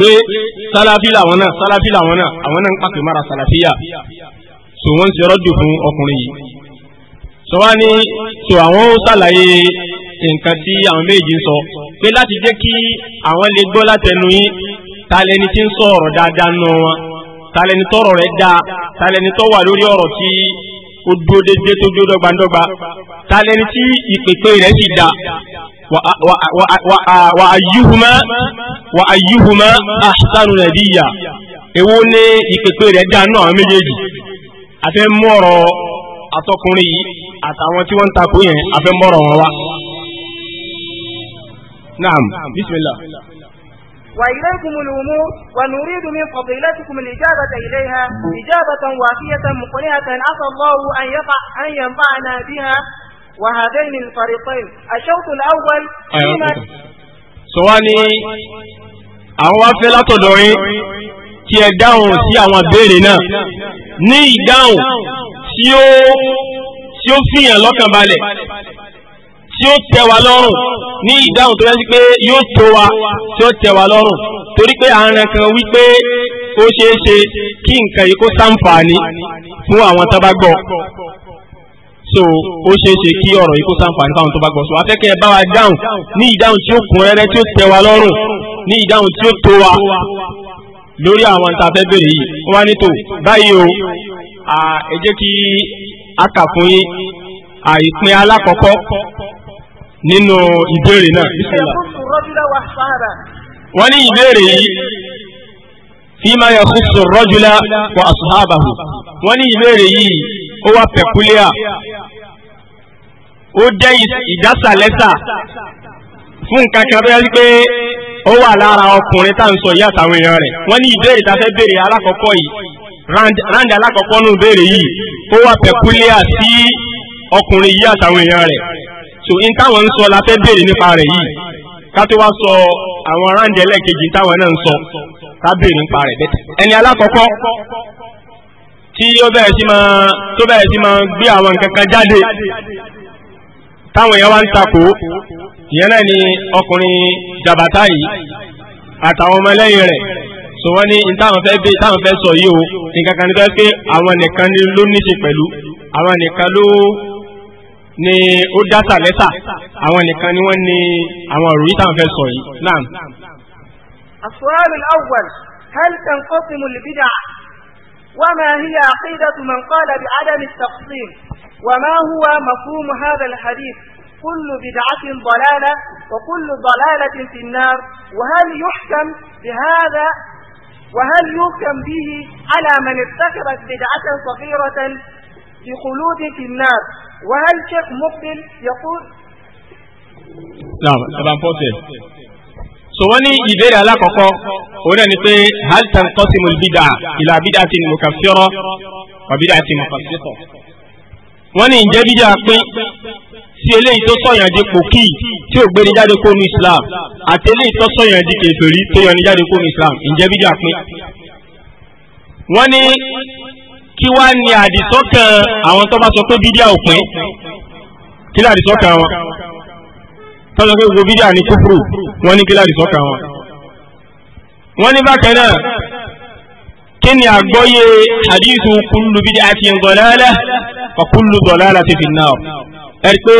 pé sálábí làwọn náà sálábí làwọn náà àwọn náà ń pàpè mára sàlàfíà so wọ́n ń ṣe rọ́dù fún ọkùnrin yìí sọ wá ní so àwọn ó ṣàlàyé nǹkan tí àwọn méjì ń sọ pé láti jẹ́ kí àwọn lè gbọ́ látẹnu yín ta lẹni tí ń sọ ọ̀rọ̀ dáadáa nù wọn ta lẹni tọrọ rẹ̀ dáa ta lẹni tọ́ wà lórí ọ̀rọ̀ tí ó dúró déédéé tó dúró dọ́gbandọ́gba ta lẹni tí ìpèpè rẹ̀ sì dáa wa ayyuhuma wa ayyuhuma ahsanu nabiyya èwo ni ìpèpè rẹ̀ dá náà àwọn méjèèjì àfẹ́ mọ́rọ̀ àtọkùnrin yìí àtàwọn tí wọ́n ń takò yẹn àfẹ́ mọ́rọ̀ wọn wá. naam bismillah. وإليكم الأمور ونريد من فضيلتكم الإجابة إليها إجابة وافية مقنعة عسى الله أن ينفعنا بها وهذين الفريقين الشوط الأول فيما سواني àwọn wá fẹ́ látọ̀dọ̀ yín kí ẹ dáhùn sí àwọn ìbéèrè náà ní ìdáhùn tí ó tí ó fìyàn lọ́kàn balẹ̀ tí ó tẹ́ wa lọ́rùn ní ìdáhùn tó yẹ pé yóò tó wa tí ó tẹ́ wa lọ́rùn torí pé àárín kan wípé ó ṣeé ṣe kí nǹkan yìí kó ṣàǹfààní fún àwọn tó so ó ṣeé ṣe kí ọ̀rọ̀ yìí kó sàǹfààní fáwọn tó bá gbọ́ so afẹ́kẹ́ ẹ bá wa dáhùn ní ìdáhùn tí ó kún rẹ́rẹ́ tí ó tẹ́ wa lọ́rùn ní ìdáhùn tí ó tó wa lórí àwọn tá a fẹ́ bèrè yìí ó wá nítò báyìí o ẹ jẹ́ kí a kà fún yín àìpín alákọ̀ọ́kọ́ nínú ìbéèrè náà wọ́n ní ìbéèrè yìí fima yakhussu rajula wa ashabahu wọ́n ní ìbéèrè yìí ó wà pẹ̀kúlíà ó jẹ́ ìdásàlẹ́sà fún nǹkan kan tó yẹ pé ó wà lára ọkùnrin tá à ń sọ ìyá àtàwọn èèyàn rẹ̀ wọ́n ní ìbéèrè tá a fẹ́ béèrè alákọ̀ọ́kọ́ yìí ráńdì alákọ̀ọ́kọ́ nù béèrè yìí ó ọkùnrin àtàwọn èèyàn so in táwọn ń sọ la fẹ́ béèrè nípa yìí sọ àwọn ráńdì ẹlẹ́ẹ̀kejì táwọn náà ń sọ ká béèrè nípa tí ó bẹ̀rẹ̀ sí máa tó bẹ̀rẹ̀ sí máa gbé àwọn nǹkan kan jáde táwọn èèyàn wá ń takò ìyẹn náà ni ọkùnrin jàbátá yìí àtàwọn ọmọlẹ́yìn rẹ̀ sọ wọ́n ní táwọn fẹ́ bí táwọn fẹ́ sọ yìí o nǹkan kan ní fẹ́ pé àwọn nìkan ló ní ṣe pẹ̀lú àwọn nìkan ló ni ó dáta lẹ́tà àwọn nìkan ni wọ́n ní àwọn ọ̀rọ̀ yìí táwọn fẹ́ sọ yìí náà. السؤال الأول هل تنقسم البدع وما هي عقيدة من قال بعدم التقسيم وما هو مفهوم هذا الحديث كل بدعة ضلالة وكل ضلالة في النار وهل يحكم بهذا وهل يحكم به على من ارتكبت بدعة صغيرة بخلود في النار وهل شيخ مقبل يقول نعم نعم فوتي so wọ́n ní ìbéèrè alákọ̀ọ́kọ́ òun náà ni pé hal tanqasimu bidà ìlà bidà ti mukaffira wa bidà ti mukaffita wọ́n ní ìjẹ́ bídà pín sí eléyìí di pòkì tí ò gbéni jáde kó nu islam àti eléyìí tó sọ̀yàn di kèfèrí tó yọ jáde kó nu islam ìjẹ́ bídà pín wọ́n kí wá ní àdìsọ́kàn àwọn tó bá sọ pé bídíà ò pín kí ní àdìsọ́kàn wọn tó pé gbogbo bídíà ní kúfúrú wọ́n ní kíláàdì sọ́kà wọn. wọ́n ní bákan náà kí ni àgbọ́yé hadithu kullu bid'atin dalalah wa kullu dalalatin fin nar ẹ̀rí pé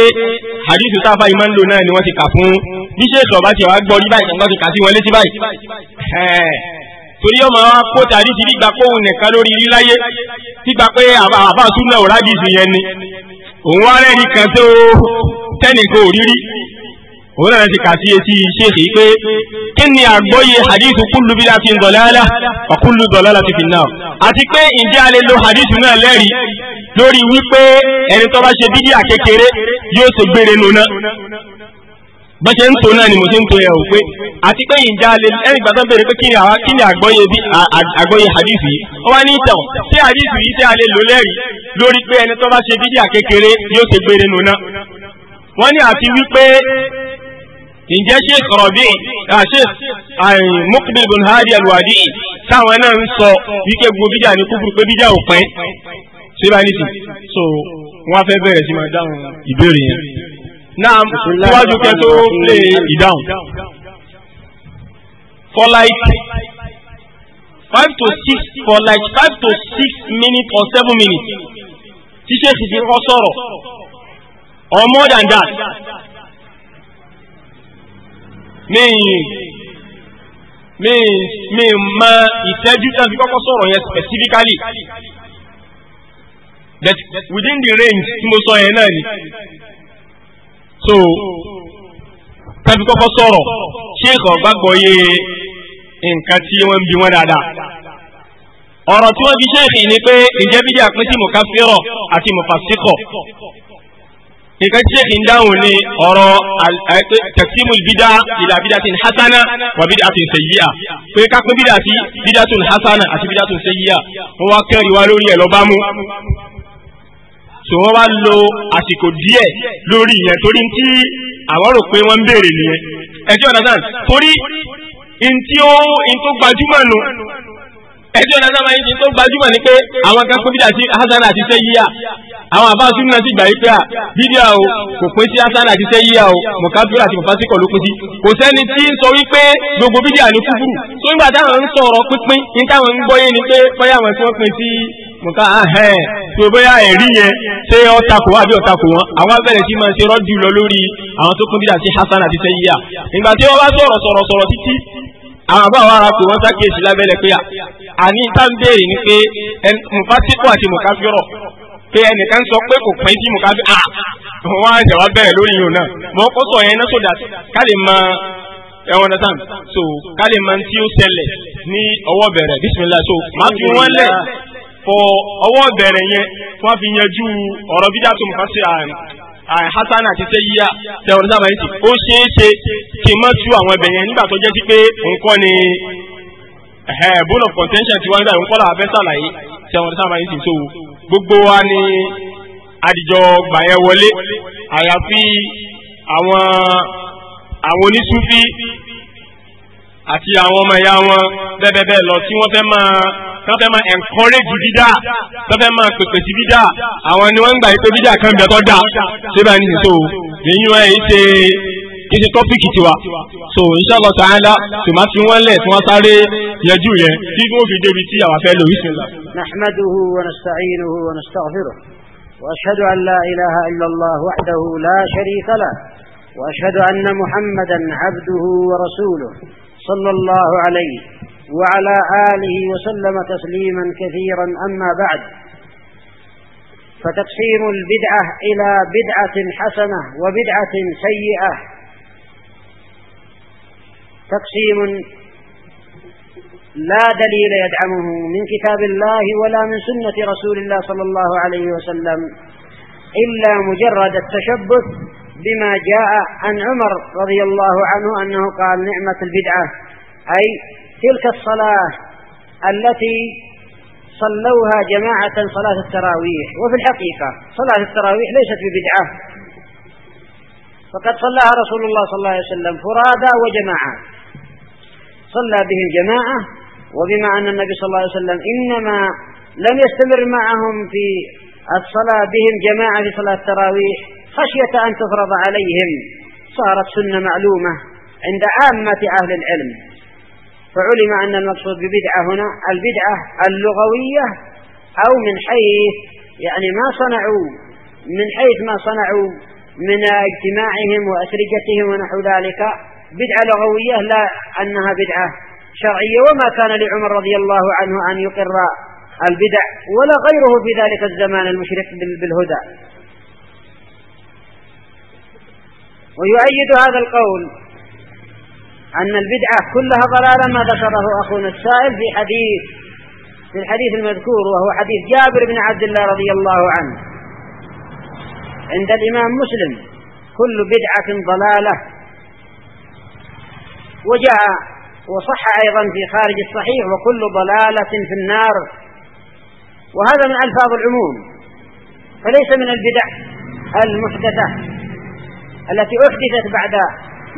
hadithu táfà ìmọ̀ ń lò náà ni wọ́n ti kà fún bí ṣe sọ̀rọ̀ bá ti wá gbọ́ rí báyìí kan ti kà sí wọn létí báyìí torí ọmọ wa kó tàbí ti gbígba kóhùn nìkan lórí rí láyé gbígba pé àbá súnà òrádìsì yẹn ni òun wá rẹ́ni kan tó tẹ́nìkan òrírí òun náà ti kà sí etí ṣéèkì pé kí ni àgbọ́yé hadith kullu bid'atin dalalah wa kullu dalalatin finnar àti pé ǹjẹ́ a lè lo hadith náà lẹ́rìí lórí wípé ẹni tó bá ṣe bídíà kékeré yóò ṣe gbére lónà bó ṣe ń tó náà ni mo ṣe ń tó yẹ ò pé àti pé ìjà lè ẹni gbàgbọ́ bẹ̀rẹ̀ pé kí ni àgbọ́yé bí àgbọ́yé hadith yìí ó wá ní ìtàn ṣé hadith yìí ṣé a lè lẹ́rìí lórí pé ẹni tó ǹjẹ́ sheikh rọ̀bí ah, sheikh ah, Muqbil bin Hadi al-Wadi'i táwọn náà ń sọ wípé gbogbo bíjà ní kúkúrú pé bíjà ò pẹ́ ṣé bá nìsí so wọ́n fẹ́ bẹ̀rẹ̀ sí máa dáhùn ìbéèrè yẹn náà síwájú kẹ tó lè ìdáhùn for like five to six for like five to six minutes or seven minutes tí sheikh ti kọ́ sọ̀rọ̀ or more than that mi mi ma ìṣẹ́jú tán fi kọ́kọ́ sọ̀rọ̀ yẹn specifically that within the range tí mo sọ yẹn náà ni so tán fi kọ́kọ́ sọ̀rọ̀ ṣé ìkọ̀ gbàgbọ́ yé nǹkan tí wọ́n ń bi wọ́n dáadáa ọ̀rọ̀ tí wọ́n fi ṣe ìfì ni pé ìjẹ́bídí àpín sí mùkásírọ̀ àti mùfàsíkọ̀ nǹkan tí ṣèkì ń dáhùn ní ọ̀rọ̀ tẹ̀símù bídá ìlà bídá tí ń hasana wà bídá tí ń sẹ̀yíà pé kápẹ́ bídá tí bídá tó ń hasana àti bídá tó ń wọ́n wá kẹ́rì wá lórí ẹ̀ lọ́bá mú so wọ́n wá lo àsìkò díẹ̀ lórí ìyẹn torí tí àwọn rò pé wọ́n ń béèrè nìyẹn ẹjọ́ ọ̀dàdàn torí ntí ó ntó gbajúmọ̀ nù ẹjọ́ ọ̀dàdàn máa ń tó gbajúmọ̀ ni pé àwọn kan pé bídá hasana àti sẹ̀yíà àwọn àbá sunu náà sì gbà yìí pé à bídíà o kò pín sí asana àti sẹ́yìíà o mọ̀kábíyà àti mọ̀fásíkọ̀ ló pín sí kò sẹ́ni tí ń sọ wípé gbogbo bídíà ní kúkúrú tó nígbà táwọn ń sọ̀rọ̀ pínpín ní táwọn ń gbọ́yé ni pé bóyá àwọn tí wọ́n pín sí mọ̀ká ahẹ́n tó bóyá ẹ̀rí yẹn ṣé ọ̀takò wá bí ọ̀takò wọn àwọn abẹ́rẹ́ sí máa ń ṣe rọ́jú lọ lórí àwọn tó kún bídíà sí hasan àti sẹ́yìíà nígbà tí wọ́n bá sọ̀rọ̀ sọ̀rọ̀ sọ̀rọ̀ títí àwọn àbá àwọn arakò wọn sákèèsí lábẹ́lẹ̀ pé à àní tá ń béèrè ni pé mufasiko àti mukafiro pé ẹnìkan sọ pé kò pín sí mùkàbí à wọn á ah bẹ̀rẹ̀ lórí yìí náà mọ ó sọ yẹn náà sódà ká mọ ẹwọn náà so ká mọ tí ó ṣẹlẹ̀ ní ọwọ́ bẹ̀rẹ̀ bisimilayi so màá fi wọn lẹ fọ ọwọ́ bẹ̀rẹ̀ yẹn wọn fi yanjú ọ̀rọ̀ bídà tó mùkà sí àárín um, um, hasana àti sẹ́yíyá tẹ̀wọ̀n sábà yìí ó ṣeé ṣe kí n má tú àwọn yẹn nígbà tó sí pé nǹkan ni ẹ̀hẹ́ bone of contention ti wá nígbà ìwọ́n kọ́lá abẹ́ sàlàyé tí àwọn ọ̀dọ́ sábà yìí sì ń sòwò gbogbo wa ni àdìjọ gbàyẹ wọlé àyàfi àwọn àwọn onísúfí àti àwọn ọmọ ẹ̀yà wọn bẹ́ẹ̀ lọ tí wọ́n fẹ́ máa wọ́n fẹ́ máa encourage bídà wọ́n fẹ́ máa pèpè sí bídà àwọn ni wọ́n ń gbà yí pé bídà kan bẹ̀ tọ́ da ṣé báyìí nìyí tó èyí wọn èyí ṣe kí ni tọ́pìkì wa so inshallah ta'ala tí máa fi wọ́n lẹ̀ tí wọ́n sáré yẹjú yẹn tí ó fi débi tí àwọn afẹ́ lò bismillah. nahmaduhu wa nasta'inuhu wa nastaghfiruh wa ashhadu an la ilaha illallah wahdahu la sharika lah wa ashhadu anna muhammadan abduhu wa rasuluh sallallahu alayhi wa ala alihi wa sallama tasliman kathiran amma ba'd فتقسيم البدعة إلى بدعة حسنة وبدعة سيئة تقسيم لا دليل يدعمه من كتاب الله ولا من سنة رسول الله صلى الله عليه وسلم إلا مجرد التشبث بما جاء عن عمر رضي الله عنه أنه قال نعمة البدعة أي تلك الصلاة التي صلوها جماعة صلاة التراويح وفي الحقيقة صلاة التراويح ليست ببدعة فقد صلاها رسول الله صلى الله عليه وسلم فرادى وجماعة صلى به الجماعة وبما أن النبي صلى الله عليه وسلم إنما لم يستمر معهم في الصلاة بهم جماعة في صلاة التراويح خشية أن تفرض عليهم صارت سنة معلومة عند عامة أهل العلم فعلم أن المقصود ببدعة هنا البدعة اللغوية أو من حيث يعني ما صنعوا من حيث ما صنعوا من اجتماعهم وأسرجتهم ونحو ذلك بدعة لغوية لا أنها بدعة شرعية وما كان لعمر رضي الله عنه أن يقر البدع ولا غيره في ذلك الزمان المشرك بالهدى ويؤيد هذا القول أن البدعة كلها ضلالة ما ذكره أخونا السائل في حديث في الحديث المذكور وهو حديث جابر بن عبد الله رضي الله عنه عند الإمام مسلم كل بدعة ضلالة وجاء وصح أيضا في خارج الصحيح وكل ضلالة في النار وهذا من ألفاظ العموم فليس من البدع المحدثة التي أحدثت بعد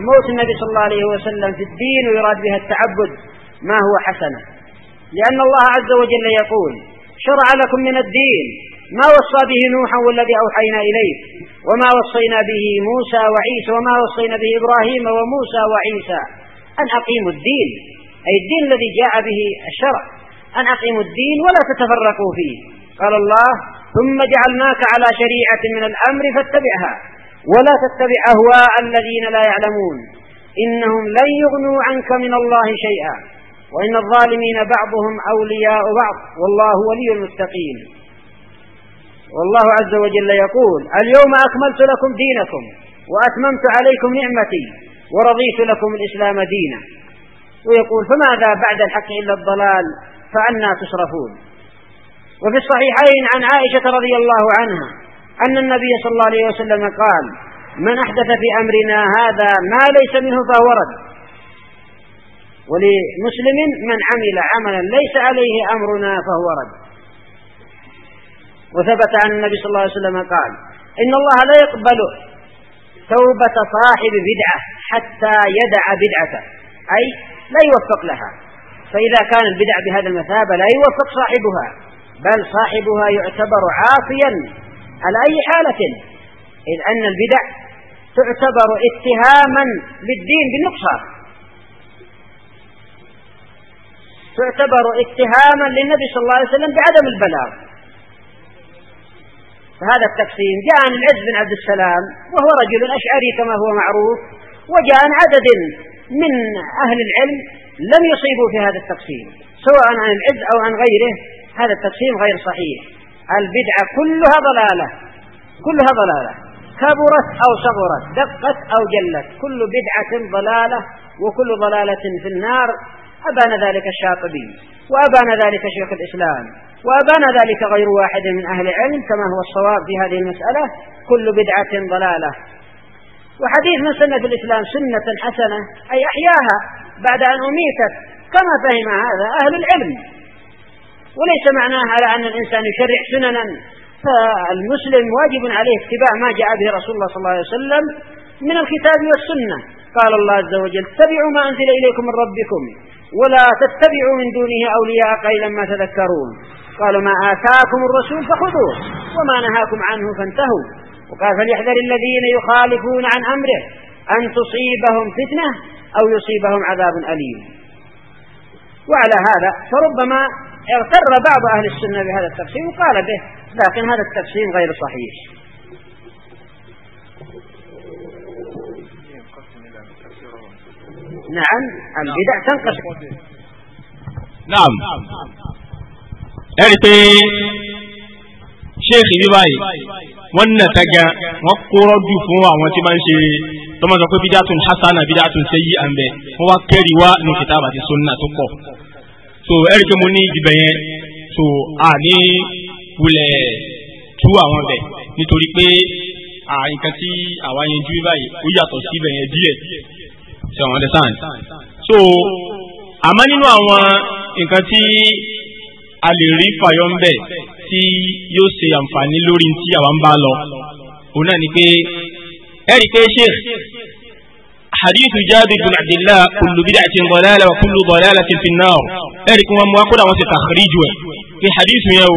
موت النبي صلى الله عليه وسلم في الدين ويراد بها التعبد ما هو حسنة لأن الله عز وجل يقول شرع لكم من الدين ما وصى به نوحا والذي أوحينا إليه وما وصينا به موسى وعيسى وما وصينا به إبراهيم وموسى وعيسى أن أقيموا الدين أي الدين الذي جاء به الشرع أن أقيموا الدين ولا تتفرقوا فيه قال الله ثم جعلناك على شريعة من الأمر فاتبعها ولا تتبع أهواء الذين لا يعلمون إنهم لن يغنوا عنك من الله شيئا وإن الظالمين بعضهم أولياء بعض والله ولي المستقيم والله عز وجل يقول اليوم أكملت لكم دينكم وأتممت عليكم نعمتي ورضيت لكم الإسلام دينا ويقول فماذا بعد الحق إلا الضلال فأنا تصرفون وفي الصحيحين عن عائشة رضي الله عنها أن النبي صلى الله عليه وسلم قال من أحدث في أمرنا هذا ما ليس منه فهو رد ولمسلم من عمل عملا ليس عليه أمرنا فهو رد وثبت عن النبي صلى الله عليه وسلم قال إن الله لا يقبل توبة صاحب بدعة حتى يدع بدعته أي لا يوفق لها فإذا كان البدع بهذا المثابة لا يوفق صاحبها بل صاحبها يعتبر عاصيا على أي حالة إذ أن البدع تعتبر اتهاما للدين بالنقصان تعتبر اتهاما للنبي صلى الله عليه وسلم بعدم البلاغ هذا التقسيم جاء عن العز بن عبد السلام وهو رجل أشعري كما هو معروف وجاء عن عدد من أهل العلم لم يصيبوا في هذا التقسيم سواء عن العز أو عن غيره هذا التقسيم غير صحيح البدعة كلها ضلالة كلها ضلالة كبرت أو صغرت دقت أو جلت كل بدعة ضلالة وكل ضلالة في النار أبان ذلك الشاطبي وأبان ذلك شيخ الإسلام وأبان ذلك غير واحد من أهل العلم كما هو الصواب في هذه المسألة كل بدعة ضلالة وحديث من سنة الإسلام سنة حسنة أي أحياها بعد أن أميتت كما فهم هذا أهل العلم وليس معناه على أن الإنسان يشرع سننا فالمسلم واجب عليه اتباع ما جاء به رسول الله صلى الله عليه وسلم من الكتاب والسنة قال الله عز وجل اتبعوا ما أنزل إليكم من ربكم ولا تتبعوا من دونه أولياء قليلا ما تذكرون قالوا ما آتاكم الرسول فخذوه وما نهاكم عنه فانتهوا وقال فليحذر الذين يخالفون عن أمره أن تصيبهم فتنة أو يصيبهم عذاب أليم وعلى هذا فربما اغتر بعض أهل السنة بهذا التفسير وقال به لكن هذا التفسير غير صحيح نعم البدع تنقسم نعم, نعم. ẹ pé ṣéèkì bí báyìí wọ́n nà tẹ́gà wọ́n kóró dù fún àwọn tí máa ń ṣe tọ́mọ sọ pé bídàtún hasana bídàtún sẹ́yí àmbẹ̀ wọ́n wá kẹ́rì wá ní kìtàbà àti sunna tó pọ̀ so ẹ rí i pé mo ní ibẹ̀ yẹn so a ní wulẹ̀ tú àwọn bẹ̀ nítorí pé a nǹkan tí àwa yẹn jú báyìí ó yàtọ̀ síbẹ̀ yẹn díẹ̀ ṣe àwọn understand so àmọ́ nínú àwọn nǹkan tí a lè rí fàyọ ń bẹ̀ tí yóò ṣe àǹfààní lórí tí àwa ń bá lọ òun náà ni pé ẹ rí i pé sheikh حديث جابر بن عبد الله كل بدعة ضلالة وكل ضلالة في النار ذلك هو مواقع وتخريج في حديث يو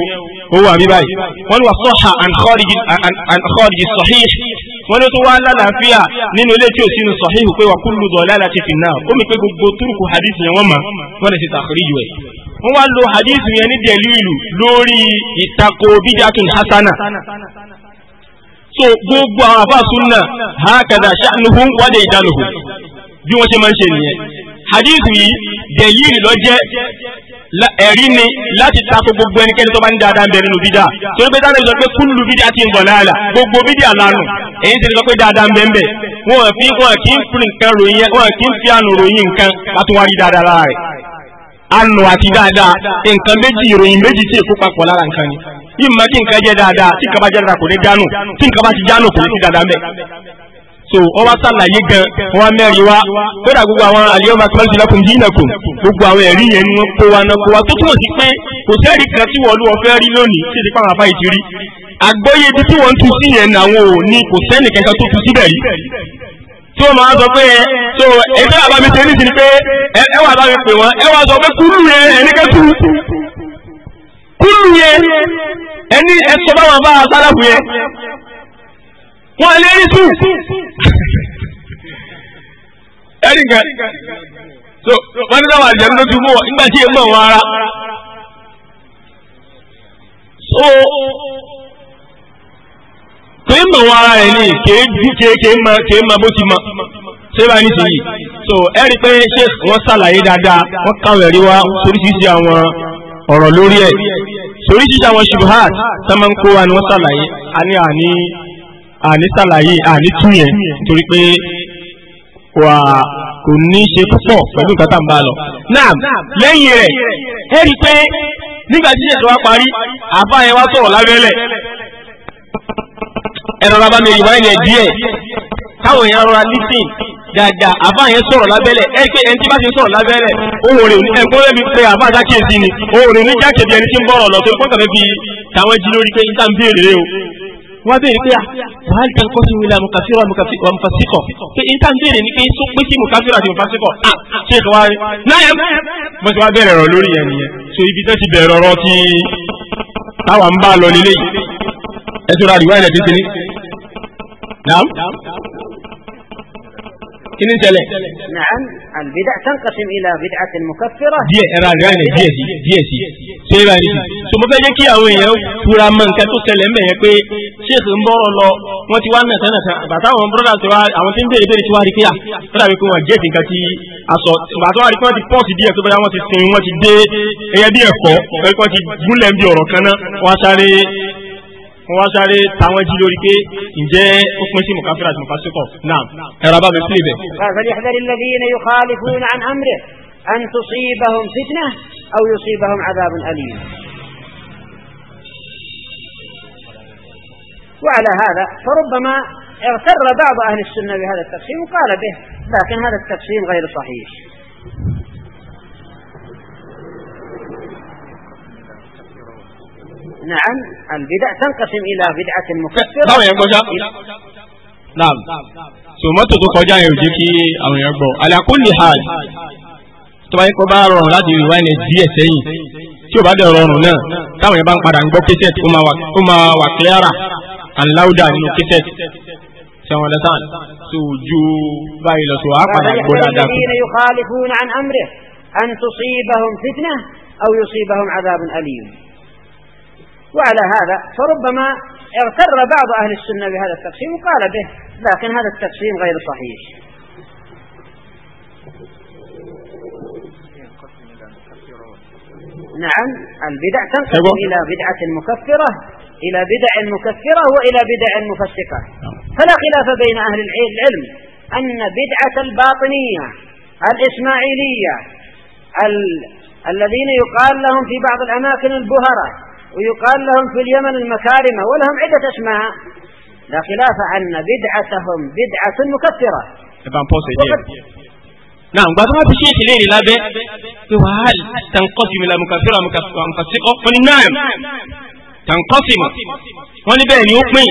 هو بباي ولو صح عن خارج عن, عن خارج الصحيح ولو توالى لا فيها من ليتو سين صحيح وكل ضلالة في النار أمي كي ترك حديث يوما ولا تخريج wọ́n wá lo hadith yẹn ní dẹ̀lúìlù lórí ìtako bídàtún hasana so gbogbo àwọn àfa sunna hakada sha'nuhum wáde ìdánuhùn bí wọ́n ṣe máa ń ṣe nìyẹn hadith yìí dẹ̀lúìlù ló jẹ́ ẹ̀rí ni láti tako gbogbo ẹnikẹ́ni tó bá ní dáadáa ń bẹ nínú bídà torí pé dáadáa sọ pé kúlù bídà ti ń bọ̀ láàlà gbogbo bídà lánàá èyí ti sọ pé dáadáa ń bẹ ń bẹ wọn kì í fi nǹkan ròyìn wọn kì í fi àná ròyìn nǹkan láti dáadáa lára anù àti dáadáa nǹkan méjì ìròyìn méjì tí èkó papọ̀ lára nǹkan ni bí mo máa kí nǹkan jẹ́ dáadáa tí nǹkan bá jẹ́ dáadáa kò ní dánù tí nǹkan bá ti dánù kò ní sí dáadáa mẹ́. so wọ́n wá sàlàyé gan wọ́n wá mẹ́rin wá kódà gbogbo àwọn àlẹ́yọ́mọ akẹ́lẹ́sì lọ́kùn yìí nàkùn gbogbo àwọn ẹ̀rí yẹn ni wọ́n kó wa náà kó wa tó túmọ̀ sí pé kò sẹ́ẹ̀rí kan tí wọ́n lúwọ́ fẹ́ rí lónìí tí tí wọ́n máa sọ pé ẹ so ètò àbámi ṣe ní ìsìn pé ẹ wà bá mi pè wọ́n ẹ wà sọ pé kúlù yẹn ẹni kẹ́tù kúlù yẹn ẹni ẹsọ bá wọn bá a sálàbù yẹn wọn lé ní tù ẹni kan so wọn ní sáwọn àjẹmí ló ti mú tí èèmọ wọn ara so. torí mọ̀ wọn ara rẹ̀ ni kéèké ma bó ti mọ̀ ṣé bá ní sèyí so ẹ rí i pé ṣé wọ́n ṣàlàyé dáadáa wọ́n kàwé rí wa oríṣiríṣi àwọn ọ̀rọ̀ lórí ẹ̀ oríṣiríṣi àwọn ṣubuhat tá máa ń kó wa ni wọ́n ṣàlàyé àní àní àní ṣàlàyé àní tún yẹn torí pé wà kò ní í ṣe púpọ̀ pẹ̀lú nǹkan tá à ń bá lọ. náà lẹ́yìn rẹ̀ ẹ rí pé nígbà tí ìṣẹ̀tọ́ wa parí àbá yẹn wá sọ̀rọ̀ lábẹ́lẹ̀ ẹ̀rọ bàbá mi yorùbá yẹn díẹ̀ káwọn èèyàn rọra lísìn dáadáa àbá yẹn sọ̀rọ̀ lábẹ́lẹ̀ ẹ pé ẹni tí bá ti sọ̀rọ̀ lábẹ́lẹ̀ òun rè ẹ̀kọ́ rẹ̀ mi pé àbá àtàkìyèsí ni òun rè ní jákèjì ẹni tí ń bọ̀rọ̀ lọ tó pọ́n kàfẹ́ fi tàwọn jí lórí pé níta ń béèrè rẹ o. wọ́n béèrè pé ah, wàá ní kankan sí wíwílẹ̀ àmukàfíwà àmukàfíkọ̀ pé níta ń béèrè ni pé sọ pé sí mukàfíwà àti mukàfíkọ̀ ah, ṣé kò wá rí. yẹn nìyẹn ẹ̀tùrà rí wáyé títí ní naam kí ni tẹ́lẹ̀. naam albidà tanqasim ila bid'ati mukaffira. díẹ̀ ẹ̀rọ àríwá yẹn díẹ̀ sí díẹ̀ sí ṣé ẹ̀rọ àríwá yẹn so mo fẹ́ jẹ́ kí àwọn èèyàn fura mọ nǹkan tó tẹ̀lé ń bẹ̀ yẹn pé sheikh ń bọ̀rọ̀ lọ wọ́n ti wá nàṣẹ́ nàṣẹ́ bàtà àwọn brọ́dà ti wá àwọn tí ń béèrè béèrè ti wá rí kíá brọ́dà mi kò wọ́n jẹ́ nǹkan tí a sọ bàtà wá rí kí wọ́n ti pọ́ọ̀sì díẹ̀ tó bá wọ́n ti sin wọ́n ti dé ẹyẹ bí ẹ̀kọ́ ẹ̀kọ́ ti gúnlẹ̀ bí ọ̀rọ̀ kan náà wọ́n sáré wọ́n wá sáré táwọn jí lórí pé ǹjẹ́ ó pín sí àti náà ẹ̀rọ mi sí ibẹ̀. فليحذر الذين يخالفون عن أمره أن تصيبهم فتنة أو يصيبهم عذاب أليم وعلى هذا فربما اغتر بعض أهل السنة بهذا التقسيم وقال به لكن هذا التقسيم غير صحيح نعم البدع تنقسم إلى بدعة مكفرة نعم يا بوجا نعم so mọ́tò tó kọjá yẹn ò jẹ́ kí àwọn èèyàn gbọ́ àlàkùnlé hàn tó bá yẹ kó bá rọrùn láti rí wáyé díẹ̀ sẹ́yìn tí ò bá dẹ̀ rọrùn náà táwọn èèyàn bá ń padà ń gbọ́ kẹsẹ̀t ó máa wà clara and louder nínú kẹsẹ̀t sẹ́wọ̀n lẹ́sàn tó ju báyìí lọ tó a padà gbọ́ dáadáa kù. أن تصيبهم فتنة أو يصيبهم عذاب أليم وعلى هذا فربما اغتر بعض أهل السنة بهذا التقسيم وقال به لكن هذا التقسيم غير صحيح نعم البدع تنقسم أيوة. إلى بدعة مكفرة إلى بدع مكفرة وإلى بدع مفسقة فلا خلاف بين أهل العلم أن بدعة الباطنية الإسماعيلية ال... الذين يقال لهم في بعض الأماكن البهرة ويقال لهم في اليمن المكارمة ولهم عدة أسماء لا خلاف أن بدعتهم بدعة مكفرة نعم بعد ما في شيء لين لا بد وهل تنقسم إلى مكفرة مكفرة قل نعم تنقسم ولبين يؤمن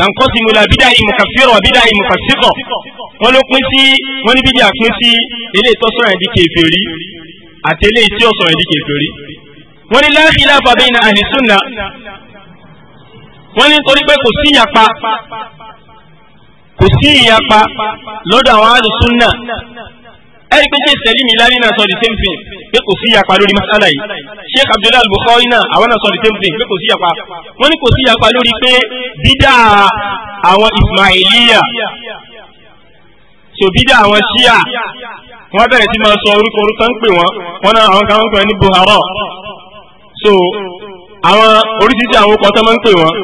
تنقسم إلى بدع مكفرة وبدع مكفرة ولو كنت ولبدع كنت إليه تصنع دي كيفيري أتلي تصنع دي كيفيري wọ́n ní la khilafa bayna ahli sunna wọ́n ní torí pé kò sí ìyapa kò sí ìyapa lọ́dọ̀ àwọn ahli sunna ẹ̀rí pé ṣe ìṣẹ̀lí mi lárí náà sọ the same thing pé kò sí ìyapa lórí masala yìí Sheikh Abdullahi Al-Bukhari náà àwọn náà sọ the same thing pé kò sí ìyapa wọ́n ní kò sí ìyapa lórí pé bídà àwọn Ismailiya ṣòbídà àwọn Shia wọ́n bẹ̀rẹ̀ sí máa sọ orúkọ orúkọ ń pè wọ́n wọ́n náà àwọn kan ń pè ní buhara so àwọn oríṣiríṣi àwọn ọkọ̀ tó máa ń pè wọ́n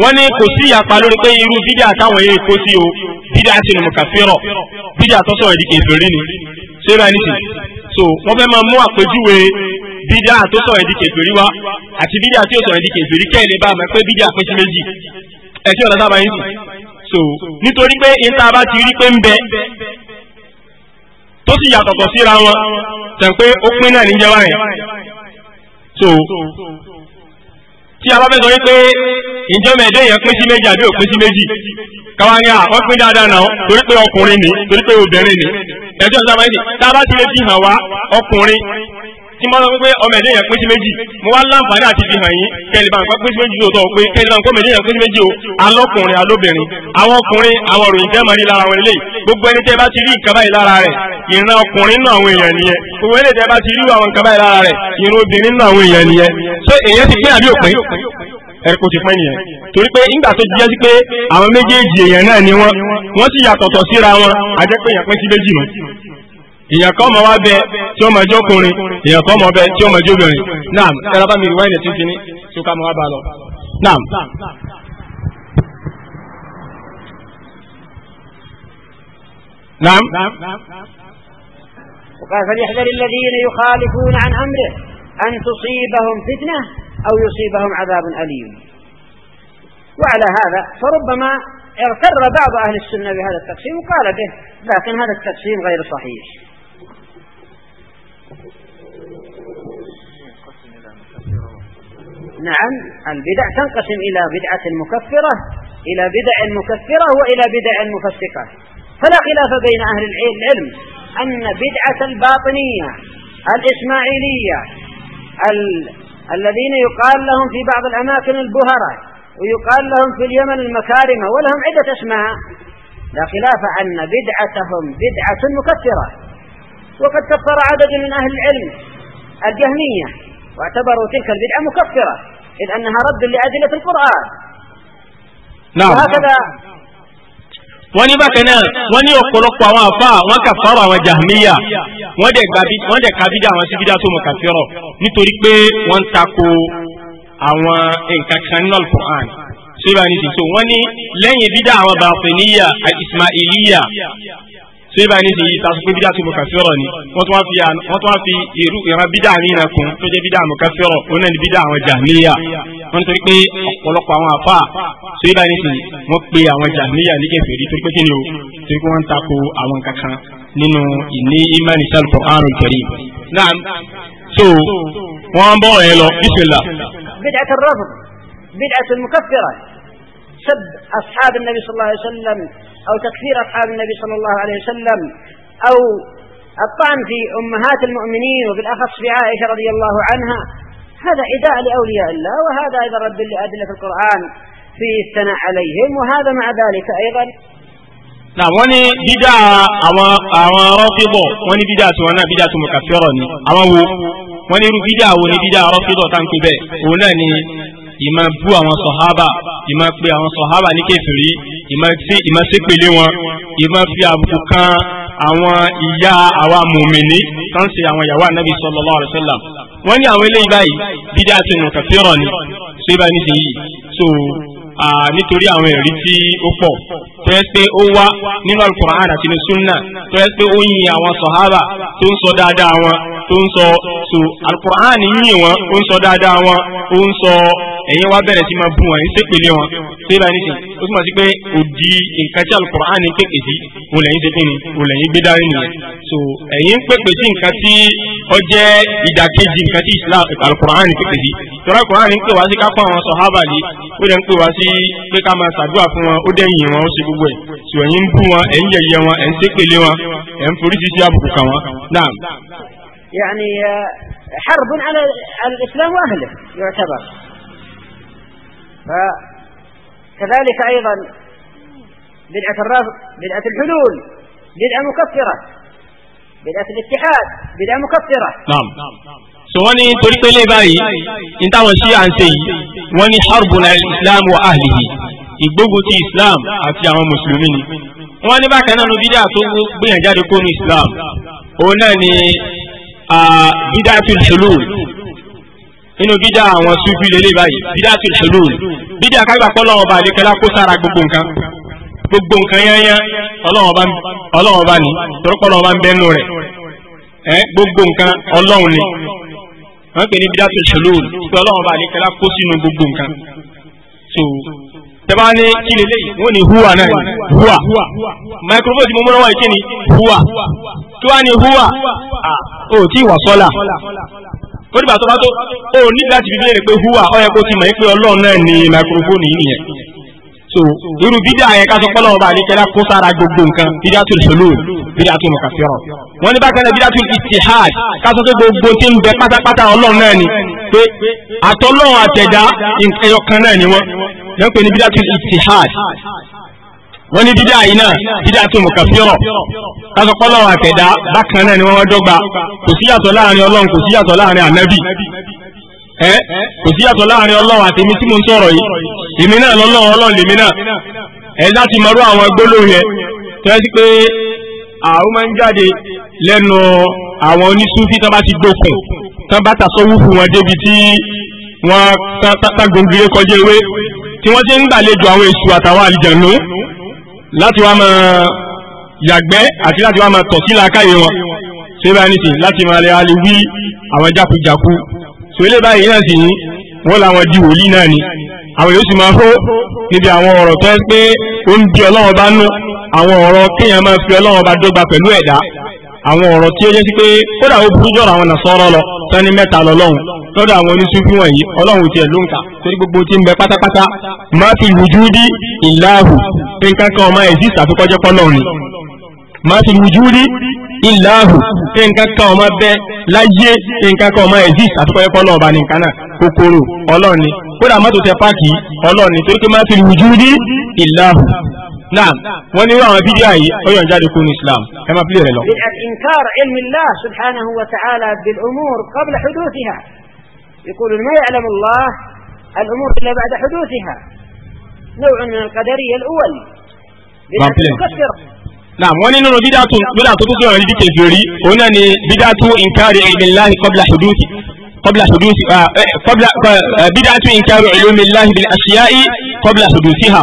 wọ́n ní kò sí ìyapa lórí pé irú bídà táwọn yìí kó sí o bídà sí ni mo kà fẹ́rọ̀ bídà tó sọ̀rọ̀ di kèfèrí ni ṣé bá nìsín so wọ́n fẹ́ máa mú àpèjúwe bídà tó sọ̀rọ̀ di kèfèrí wa àti bídà tí ó sọ̀rọ̀ di kèfèrí kẹ́ẹ̀lẹ́ bá mọ̀ pé bídà pín sí méjì ẹ̀ tí ọ̀dà sábà yín sìn so nítorí pé ìta bá ti rí pé ń bẹ tó sì yàtọ̀tọ̀ síra so tí a bá fẹ́ sọ wípé ìjọba ẹ̀dẹ́ yẹn pín sí méjì àbí òpin sí méjì káwá ní àwọn pín dáadáa náà torí pé ọkùnrin ni torí pé obìnrin ni ẹjọ́ sábà ní tá a bá ti lè fi hàn wá ọkùnrin tí mo sọ pé ọmọ ẹ̀dẹ́ yẹn pín sí méjì mo wá láǹfààní àti fi hàn yín kẹlẹ̀bà nǹkan pín sí méjì tó tọ̀ pé kẹlẹ̀bà nǹkan ọmọdé yẹn pín sí méjì o alọ́kùnrin alóbìnrin àwọn ọkùnrin àwọn òròyìn tẹ́ máa rí lára wọn lélẹ̀ gbogbo ẹni tẹ́ bá ti rí nǹkan báyìí lára rẹ̀ ìran ọkùnrin náà àwọn èèyàn nìyẹn gbogbo ẹni tẹ́ bá ti rí àwọn nǹkan báyìí lára rẹ̀ ìran obìnrin náà àwọn èèyàn nìyẹn so èèyàn ti pé àbí òpin ẹ̀rìkò ti pẹ́ nìyẹn torí pé ńgbà tó jẹ́ sí pé àwọn méjèèjì èèyàn náà ni wọ́n wọ́n sì yàtọ̀tọ̀ síra wọn àjẹpẹ́yàn pín sí méjì mọ́ èèyàn kan máa wá bẹ tí ó máa jókùnrin èèyàn kan máa bẹ tí ó máa jóbìnrin náà ẹ̀rọ bá mi rí wáìnì tí kíní tí ká máa wá bá lọ. náà نعم فليحذر الذين يخالفون عن أمره أن تصيبهم فتنة أو يصيبهم عذاب أليم وعلى هذا فربما اغتر بعض أهل السنة بهذا التقسيم وقال به لكن هذا التقسيم غير صحيح نعم البدع تنقسم إلى بدعة مكفرة إلى بدع مكفرة وإلى بدع مفسقة فلا خلاف بين أهل العلم أن بدعة الباطنية الإسماعيلية ال... الذين يقال لهم في بعض الأماكن البهرة ويقال لهم في اليمن المكارمة ولهم عدة أسماء لا خلاف أن بدعتهم بدعة مكفرة وقد كفر عدد من أهل العلم الجهمية واعتبروا تلك البدعة مكفرة إذ أنها رد لأدلة القرآن نعم وهكذا wọ́n ní bákan náà wọ́n ní ọ̀pọ̀lọpọ̀ àwọn àfa wọ́n kà fọ́rọ̀ àwọn jahmiya wọ́n dẹ̀ gbàbí wọ́n dẹ̀ kábídà àwọn síbídà tó mọ̀ kàfíọ̀rọ̀ nítorí pé wọ́n ń tako àwọn nǹkan kan nínú alukur'an síbà ní ti so wọ́n ní lẹ́yìn bídà àwọn bàfẹ́níyà àti ismailiya sèba ní ti tasopé bídà tó mọ̀ká fẹ́rọ̀ ni wọ́n tún wá fi irú ìran bídà ní ìran kun tó jẹ́ bídà mọ̀ká fẹ́rọ̀ ó náà ní bídà àwọn jàmíyà wọ́n torí pé ọ̀pọ̀lọpọ̀ àwọn àfà sèba ní ti wọ́n pe àwọn jàmíyà ní kèfèrí torí pé kí ni o torí pé wọ́n ń tako àwọn kankan nínú ìní imani sálùkọ̀ àrùn kẹrì. naam so wọ́n bọ̀ ẹ̀ lọ bísí سب أصحاب النبي صلى الله عليه وسلم أو تكفير أصحاب النبي صلى الله عليه وسلم أو الطعن في أمهات المؤمنين وبالأخص في عائشة رضي الله عنها هذا إداء لأولياء الله وهذا أيضا رد لأدلة القرآن في الثناء عليهم وهذا مع ذلك أيضا نعم وني بدا àwọn àwọn rọ́fíbọ̀ wọ́n ní bídà tí wọ́n náà bídà tó mọ̀ kàfẹ́rọ̀ بدا bida ti بدا naa bida to mo kafero ni awon wo wọ́n ìmọ̀ bú àwọn sọ̀hábà ìmọ̀ pé àwọn sọ̀hábà ní kèfèrí ìmọ̀ sípele wọn ìmọ̀ fi àbùkù kan àwọn ìyá àwa mùmìnì tán ṣe àwọn ìyàwó ànábì sallallahu alaihi wasallam wọ́n ní àwọn eléyìí báyìí bídá ti nù kàfíràn ni ṣé bá ní ṣe yìí so nítorí àwọn ẹ̀rí tí ó pọ̀ tó yẹ pé ó wá nínú alukur'an àti ní sunna tó yẹ pé ó yin àwọn sọ̀hábà tó ń sọ dáadáa wọn tó ń sọ so alukur'an yìn wọn ó ń sọ dáadáa wọn ó ń sọ ẹ̀yin wá bẹ̀rẹ̀ sí máa bú wọn ṣé pèlè wọn ṣé bá nísìn ó túmọ̀ sí pé òdi nǹkan tí alukur'an kéèké sí òun lẹ́yìn ṣe pé ni òun lẹ́yìn gbé dání nìyẹn so ẹ̀yin pèpè sí nǹkan tí ó jẹ́ ìdàkejì nǹkan tí islam alukur'an kéèké sí tọ́lá alukur'an ń pè wá sí ká fún àwọn sọ̀hábà yìí ó dẹ̀ ń pè wá sí pé ká máa ṣàdúrà fún wọn ó dẹ̀ yìn wọn ó ṣe gbogbo ẹ tí ọ̀yìn ń bú wọn ẹ̀ ń yẹ̀yẹ́ أيضا بدعة الرفض بدعة الحلول بدعة مكفرة بدعة الاتحاد بدعة مكفرة نعم سواني تلقي لي باي انت وشي عن حرب على الإسلام وأهله ìgbógun ti islam àti àwọn mùsùlùmí ni wọ́n ní bákan náà nu bídà tó gbìyànjú kó nu islam òun náà ni bídà tún hulul nínú bídà àwọn sufi lélẹ̀ báyìí bídà tún hulul bídà kágbà kọ́ lọ́wọ́ bá àdékẹ́lá kó sára gbogbo nǹkan gbogbo nǹkan yányá ọlọ́wọ́n bá ní torókọ́ lọ́wọ́ bá ń bẹ́nu rẹ̀ ẹ́ gbogbo nǹkan ọlọ́run ni wọ́n pè ní bídà tún hulul pé bá àdékẹ́lá kó sínú gbogbo nǹkan so tẹ́bá ní kí lè léyìí wọ́n ní húwà náà ní húwà microphone tí mo múra wọ́n yìí ni húwà kí wá ní húwà ó tí wà sọ́là ó dìbà tó bá tó ó ní láti fi léèrè pé húwà ó kó ti mọ̀ yín pé ọlọ́run náà ní microphone yìí nìyẹn so irú bídà yẹn ká sọ pé ọlọ́run bá ní kẹ́lá kó sára gbogbo nǹkan bídà tó ṣòlò bídà tó nǹkan fẹ́ràn wọ́n ní bákan náà bídà tó ìtìhàd ká sọ pé gbogbo tí ń bẹ pátápátá ọlọ́run náà ni pé àtọ́lọ́run àtẹ̀dá ẹyọkan náà ni wọ́n yẹn pè ní bídà tó ìtìhad wọ́n ní bídà yìí náà bídà tó mùkàfíọ̀rọ̀ kásán pọ́ lọ́wọ́ àtẹ̀dá bákan náà ni wọ́n wá dọ́gba kò síyàtọ̀ láàrin ọlọ́run kò síyàtọ̀ láàrin ànábì ẹ kò síyàtọ̀ láàrin ọlọ́run àti èmi tí mo ń sọ̀rọ̀ yìí èmi náà lọ́lọ́run ọlọ́run lèmi náà ẹ láti mọ̀rú àwọn gbólóhùn yẹn tẹ́ sí pé àwọn máa ń jáde lẹ́nu àwọn onísúfí tán bá ti gbókùn tán bá tàṣọ́wùfù wọn débi tí wọ́n tá gbòǹgìrì kọjá ewé tí wọ́n ti ń gbàlejò àwọn èṣù àtàwọn àlìjànú láti wá máa yàgbẹ́ àti láti wá máa tọ̀ sí làákàyè wọn ṣé bá ní sí láti máa lè alẹ́ wí àwọn jákujàku so ilé báyìí náà sì ní wọ́n làwọn di wòlíì náà ni àwọn yóò sì máa hó níbi àwọn ọ̀rọ̀ tó ń pé ó ń di Ọlọ́run bá nú àwọn ọ̀rọ̀ kéèyàn máa fi Ọlọ́run bá dọ́gba pẹ̀lú ẹ̀dá àwọn ọ̀rọ̀ tí ó yẹ sí pé kódà ó burú jọ̀rọ̀ àwọn nàṣọ́rọ̀ lọ sani mẹ́ta lọ́lọ́run lọ́dọ̀ àwọn oníṣúfì wọ̀nyí ọlọ́run tiẹ̀ ló ń kà torí gbogbo tí ń bẹ pátápátá má fi wùjúdí ìláhù nǹkan kan ọmọ ẹ̀sì ìsàfikọ́jẹ́ pọ́lọ́run ni má fi wùjúdí ìláhù nǹkan kan ọmọ bẹ láyé nǹkan kan ọmọ ẹ̀sì ìsàfikọ́jẹ́ pọ́lọ́run ọba nìkan náà kòkòrò ọlọ́run kódà mọ́tò tẹ páàkì ọlọ́run torí pé má fi wùjúdí ìláhù نعم وني يوم اي ويوم جاري يكون اسلام كما بلير له الانكار علم الله سبحانه وتعالى بالامور قبل حدوثها يقولون ما يعلم الله الامور الا بعد حدوثها نوع من القدريه الاول نعم وان انه بدعه بدعه تقول عن ذيك الجوري هنا ني بدعه انكار علم الله قبل حدوثه قبل حدوث قبل بدعه انكار علوم الله بالاشياء قبل حدوثها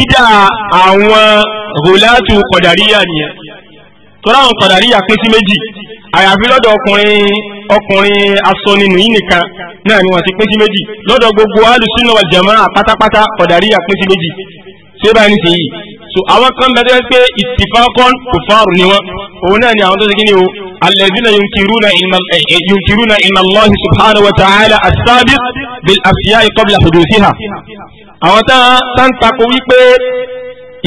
dídá àwọn gòláàtù kọ̀dàríyà nìyẹn tọ́lá àwọn kọ̀dàríyà pín sí méjì àyàfi lọ́dọ̀ ọkùnrin ọkùnrin aṣọ nínú yìí nìkan náà ni wọ́n ti pín sí méjì lọ́dọ̀ gbogbo alùsùnà wal jamaa pátápátá kọ̀dàríyà pín sí méjì ṣé báyìí nìṣẹ́ yìí so àwọn kan bẹ tó yẹ pé ìtìfákọ́n kò fáàrù ni wọn òun náà ni àwọn tó ṣe kíni o alẹ́dínà yunkiruna inna eh, eh, Allahi subhanahu wa ta'ala as-sabiq bil asiyai qabla huduthiha àwọn tán takò wípé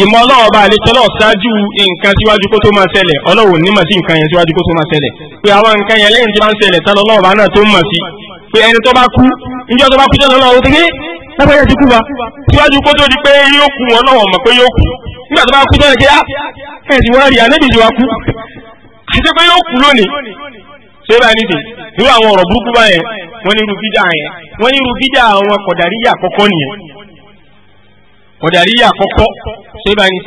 ìmọ̀ ọlọ́wọ́ bá àlejò náà ṣáájú nǹkan síwájú kó tó máa ṣẹlẹ̀ ọlọ́wọ́ onímọ̀ sí nǹkan yẹn síwájú kó tó máa ṣẹlẹ̀ pé àwọn nǹkan yẹn lẹ́yìn tí máa ń ṣẹlẹ̀ tán lọ́wọ́ pé ẹni tó bá kú níjọ́ tó bá kú jọ́nà náà ó ti gé lápẹ́jẹ́ ti kú wa síwájú kó tó di pé yóò kú wọn náà wọ́n mọ̀ pé yóò kú nígbà tó bá kú jọ́nà jẹ́ ẹ̀ ti wọ́n rí anábìjì wa kú àti pé yóò kú lónìí ṣé bá ní sìn àwọn ọ̀rọ̀ burúkú báyẹn wọ́n ní irú yẹn wọ́n ní irú àwọn kọ̀dàríyà àkọ́kọ́ nìyẹn kọ̀dàríyà àkọ́kọ́ ṣé bá ní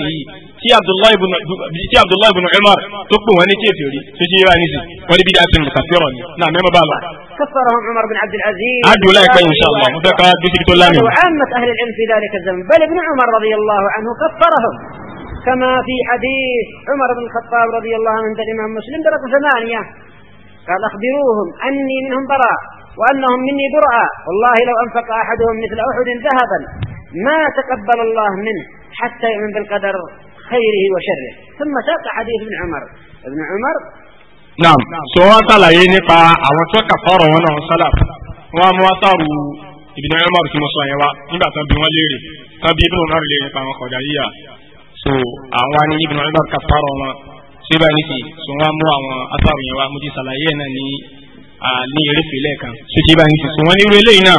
tí abdullahi ibn umar tó pè wọn ní kéferì tó ṣe yíra nísì wọn ní bí dáa sinmi kàfíọrọ ni keferi to se ni si ko ni bi da sinmi kafiro ni me ma ba lo كفرهم عمر بن عبد العزيز عدوا لا ان شاء الله مذكر بسكت اللامي وعامة اهل العلم في ذلك الزمن بل ابن عمر رضي الله عنه كفرهم كما في حديث عمر بن الخطاب رضي الله عنه عند الامام مسلم درجه ثمانيه قال اخبروهم اني منهم براء وانهم مني براء والله لو انفق احدهم مثل احد ذهبا ما تقبل الله منه حتى يؤمن بالقدر خيره وشره ثم ساق حديث ابن عمر ابن عمر نعم سواء تلاقي نقا أو تكفر وأنا سلف وموتر ابن عمر في مصر يوا نبى تبي وليري تبي ابن عمر ليه نقا مخرجية so àwọn ni ibùdó ọlọ́dọ̀ kàfàrọ̀ wọn ṣé bá ní kì so wọn mú àwọn asáwò yẹn wá mo ti ṣàlàyé ẹ̀ náà ní ní eréfì lẹ́ẹ̀kan so ṣé bá ní kì so wọn ní irú eléyìí náà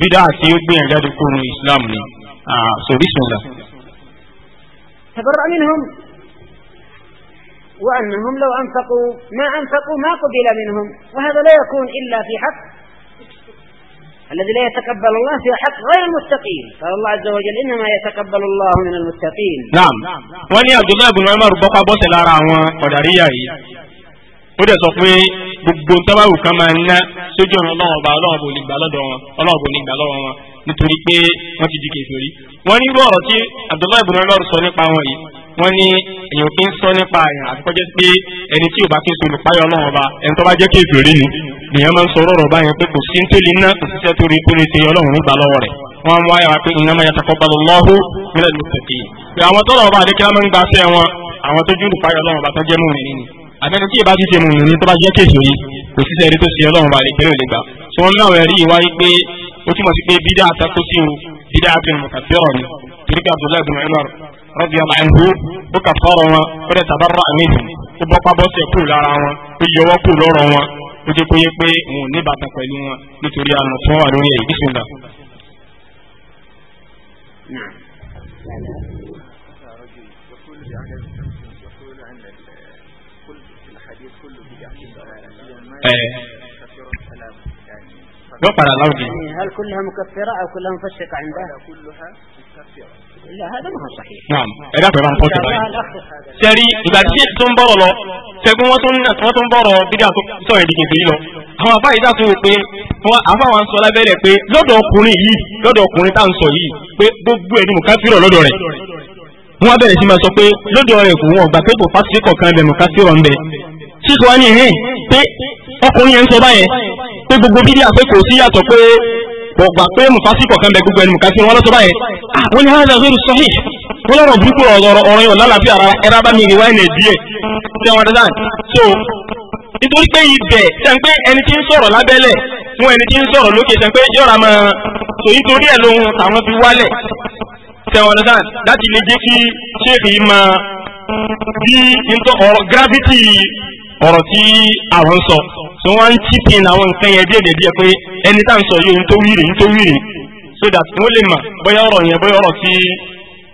bídà àti ó gbìyànjú àdúgbò ní Islam ni so bismillah. تبرأ منهم وأنهم لو أنفقوا ما أنفقوا ما قبل منهم وهذا لا يكون إلا في حق الذي لا يتقبل الله في حق غير المتقين قال الله عز وجل إنما يتقبل الله من المتقين نعم وأن عبد الله بن عمر بقى بوس الأراوان قدرية ó dẹ̀ sọ pé gbogbo tọ́wáwù kan máa ń ná sójú ọ̀nà nítorí pé wọ́n ti di kèfèrí wọ́n ní irú ọ̀rọ̀ tí Abdullahi ibn Umar sọ nípa wọn yìí wọ́n ní èèyàn kí ń sọ nípa àyàn àfikọ́jẹ́ pé ẹni tí ò bá kí ń sọ̀rọ̀ páyọ̀ náà ọba ẹni tó bá jẹ́ kèfèrí ni nìyẹn máa ń sọ ọ̀rọ̀ báyẹn pé kò sí nítorí iná kò síṣẹ́ tó rí péré ṣe ọlọ́run nígbà lọ́wọ́ rẹ̀ wọ́n mú àyàwó pé ìnáma yàtọ̀ kọ́ balọ̀ lọ́hùn nílẹ̀ ló tẹ̀kì pé àwọn tó lọ́wọ́ bá adé kí wọ́n máa ń gbaṣẹ́ wọn àwọn tó júlù páyọ̀ ọlọ́run bá tó jẹ́ mùrìn nínú àbẹ́ni tí ìbá ti ṣe mùrìn ní tó bá jẹ́ kéṣòyí kò síṣẹ́ rí tó ṣe ọlọ́run bá lè péré lè gbà ó túmọ̀ sí pé bídà àtakò sí o bídà àtúnú kàtẹ́rọ̀ ni torí pé abdullahi bin umar radiyallahu anhu ó kà fọ́ọ̀rọ̀ wọn ó dẹ̀ tabarra àníhìn ó bọ́pá bọ́sẹ̀ kù lára wọn ó yọwọ́ kù lọ́rọ̀ wọn ó jẹ́ kóyé pé òun ní bàtà pẹ̀lú wọn nítorí àná tí wọ́n wà lórí ẹ̀ bísíńdà. ẹ yóò padà láwùjọ. هل كلها مكفرة أو كلها مفسقة عنده؟ كلها مكفرة. لا هذا ما هو صحيح. نعم. إذا كنا نقول كذا. سري إذا تشيت تون بارو سيكون وطن وطن بارو بيدا سوي بيجي بيلو. àwọn àbá yìí dásun pé wọn àbá wa ń sọ lábẹ́rẹ́ pé lọ́dọ̀ ọkùnrin yìí lọ́dọ̀ ọkùnrin tá à ń sọ yìí pé gbogbo ẹni mùkáfírọ̀ lọ́dọ̀ rẹ̀ wọ́n á bẹ̀rẹ̀ sí máa sọ pé lọ́dọ̀ rẹ̀ kò wọ́n gbà pé kò fásitì kọ̀ọ̀kan bẹ̀ mùkáfírọ̀ ń bẹ ṣíkò wá ní ìhìn pé ọkùnrin yẹn ń sọ báyẹn pé gbogbo bídí àpé kò sí yàtọ̀ pé gbọ̀gbà pé mùfásí kọ̀ọ̀kan bẹ gbogbo ẹni mùkásí wọn lọ́sọ báyẹn ah, wọ́n ní hàn zero sọ́hì wọ́n lọ́rọ̀ burúkú ọ̀rọ̀ yóò lálàáfíà ara ẹ̀rá bá mi rí wáyé nàìjíríà ṣé wọn dáadáa so nítorí pé ibẹ̀ ṣe ń pé ẹni tí ń sọ̀rọ̀ lábẹ́lẹ̀ fún ẹni tí ń sọ̀rọ̀ lókè ṣe ń pé yọ̀ra mọ́ so nítorí ẹ̀ lóhun tàwọn fi wálẹ̀ ṣe wọn dáadáa láti lè jẹ́ kí ṣéèkì yìí máa bí ọ̀rọ̀ gravity ọ̀rọ̀tí àwọn sọ tí wọ́n ń chipping àwọn nǹkan yẹn díẹ̀ díẹ̀ pé ẹni tá à ń sọ yìí tó wíìrì tó wíìrì so that wọ́n lè mà bóyá ọ̀rọ̀ yẹn bóyá ọ̀rọ̀ tí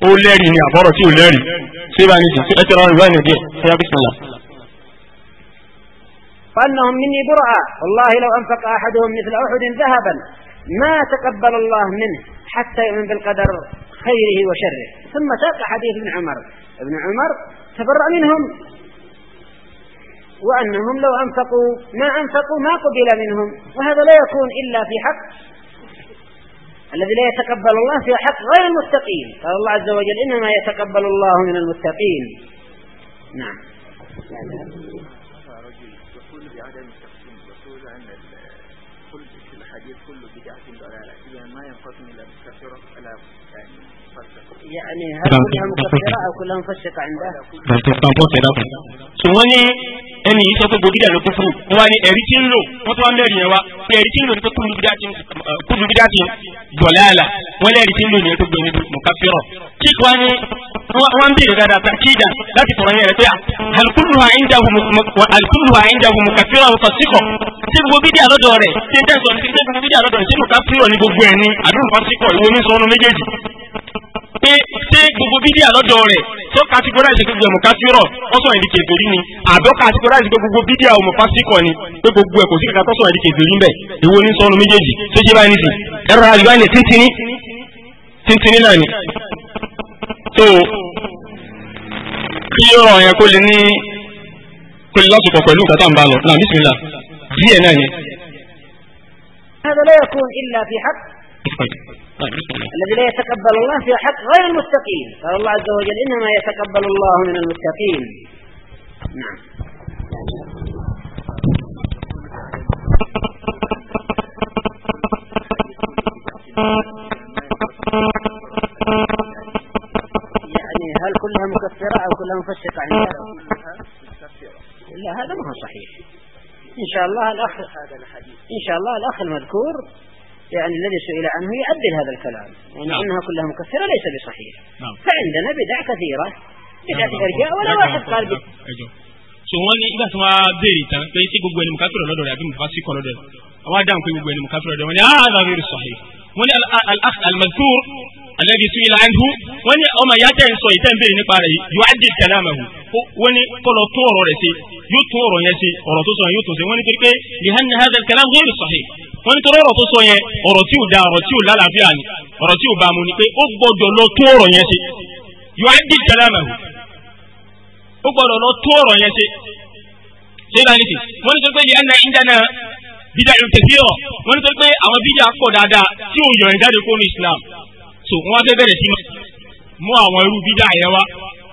ó lẹ́rìí ni àbọ̀rọ̀ tí ò lẹ́rìí ṣé bá ní sìn ẹ tẹ̀lé ọ̀rọ̀ ìwé ẹ̀yìn díẹ̀ fẹ́yà bí sọ̀lá. فأنهم مني برعى والله لو أنفق أحدهم مثل أحد ذهبا ما تقبل الله منه حتى يؤمن بالقدر خيره وشره ثم ساق حديث ابن عمر ابن عمر تبرأ منهم وأنهم لو أنفقوا ما أنفقوا ما قبل منهم وهذا لا يكون إلا في حق الذي لا يتقبل الله في حق غير المستقيم قال الله عز وجل إنما يتقبل الله من المتقين نعم يعني هل كلها مكفرة أو كلها مفسقة عنده؟ ẹni yìí sọ pé bòbídà ló kúfúrú wọn wá ní ẹ̀rí tí ń lò wọn tó wá mẹ́rin yẹn wá pé ẹ̀rí tí ń lò ní pé kúlù bídà ti dọ̀láàlà wọn lẹ́ẹ̀rí tí ń lò ní ẹ̀ tó gbé níbi mọ̀káfíràn. kíkọ wa ní wọn ń bèèrè dáadáa tàkìdà láti sọ̀rọ̀ yẹn rẹ̀ pé alukulu ha ń jagun mọ̀káfíràn ọ̀tọ̀ síkọ̀ tí gbogbo bídà lọ́dọ̀ rẹ̀ tí ń tẹ̀sán ní pé ṣé gbogbo bídíà lọ́dọ̀ rẹ̀ tó categorize gbogbo ẹ̀mọ̀ kásírọ̀ wọ́n sọ̀rọ̀ ìdíkè torí ni àbọ̀ categorize gbogbo bídíà ọmọ pásíkọ̀ ni pé gbogbo ẹ̀kọ́ sí kankan tó sọ̀rọ̀ ìdíkè torí bẹ̀ èwo ní sọnù méjèèjì tó jẹ́ báyìí nìsín ẹ̀rọ àdìgbà ni tíntìní tíntìní náà ni. tó kí ọ̀rọ̀ yẹn kó lè ní kó lè lásùpọ̀ pẹ̀lú nǹkan tá à ń bá lọ náà bísímìlà díẹ̀ náà ni. هذا لا يكون إلا في حق الذي لا يتقبل الله في حق غير المتقين قال الله عز وجل إنما يتقبل الله من المتقين نعم يعني هل كلها مكفرة أو كلها مفسقة عن لا هذا ما هو صحيح إن شاء الله الأخ إن شاء الله الأخ المذكور يعني الذي سئل عنه يعدل هذا الكلام يعني نعم. أنها كلها مكفرة ليس بصحيح نعم. فعندنا بدع كثيرة بدع نعم. ارجاء ولا نعم. واحد قال so wọ́n ní igba tí wọ́n á béèrè tán pé tí gbogbo ẹni mùkátù rẹ̀ lọ́dọ̀ rẹ̀ àbí mùkátù kọ́ lọ́dọ̀ dẹ wọ́n á dáhùn pé gbogbo ẹni mùkátù dẹ rẹ̀ wọ́n ní ààrẹ rẹ̀ sọ̀hìn wọ́n ní al-mazkur alẹ́bi sí ilà ẹ̀hún wọ́n ní ọmọ ìyá tẹ̀ ń sọ ìtẹ́ ń béèrè nípa rẹ̀ yóò ádì kẹlẹ́ àmọ̀ ẹ̀hún wọ́n ní kọ́lọ̀ tún ọ̀rọ̀ rẹ̀ ṣe yóò tún ọ̀rọ̀ yẹn ṣe ọ̀rọ̀ tó sọ yẹn yóò tún ṣe wọ́n ní torí pé lihan ni hazel kalam ghayr sahih wọ́n ní torí ọ̀rọ̀ tó sọ yẹn ọ̀rọ̀ tí ò da ọ̀rọ̀ tí ò lálàáfíà ni ọ̀rọ̀ tí ò bá mu ni pé ó gbọ́dọ̀ lọ tún ọ̀rọ̀ yẹn ṣe yóò ádì kẹlẹ́ àmọ̀ ẹ̀hún ó gbọ́dọ̀ lọ tún ọ̀rọ̀ yẹn ṣe ṣé bá ní wọ́n ní torí pé lihan na indana bídà ìrùtẹ̀fíọ̀ wọ́n ní torí pé àwọn bídà pọ̀ dáadáa tí ò yọ̀ ẹ̀ jáde kó ní Islam so wọ́n á bẹ̀rẹ̀ sí mú àwọn irú bídà yẹn wá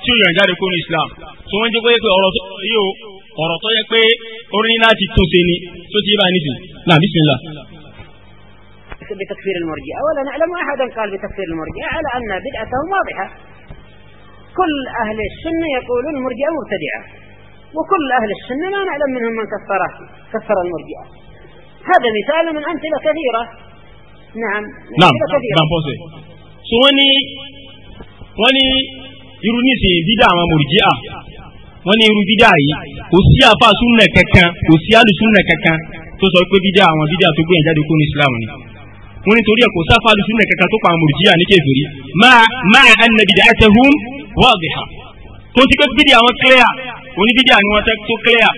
tí ó yàn jáde kó Islam so wọ́n jẹ́ pé ọ̀rọ̀ tó yóò ọ̀rọ̀ tó yẹ pé ó ní láti tó ṣe ni tó ti yé báyìí nìsín náà bísímilà. بتكفير المرجئة ولا نعلم أحدا قال بتكفير المرجئة على أن بدعته واضحة كل أهل السنة يقولون المرجئة مبتدعة وكل أهل السنة لا نعلم منهم من كفره كفر المرجئة هذا مثال من أمثلة كثيرة نعم نعم نعم, نعم. so wọ́n ní wọ́n ní irú nísìnyí bídà àwọn mùrùjíà wọ́n ní irú bídà yìí kò sí àfa súnà kankan kò sí alùsúnà kankan tó sọ pé bídà àwọn bídà tó gbé ìjáde kó ní islam ni wọ́n ní torí ẹ̀ kò sáfà alùsúnà kankan tó pa àwọn mùrùjíà ní kèfèrí máa máa ẹnna bídà ẹ̀ tẹ̀ hùm wọ́ọ̀dì ha tó ti pé bídà àwọn clear oníbídíà ni wọ́n tó clear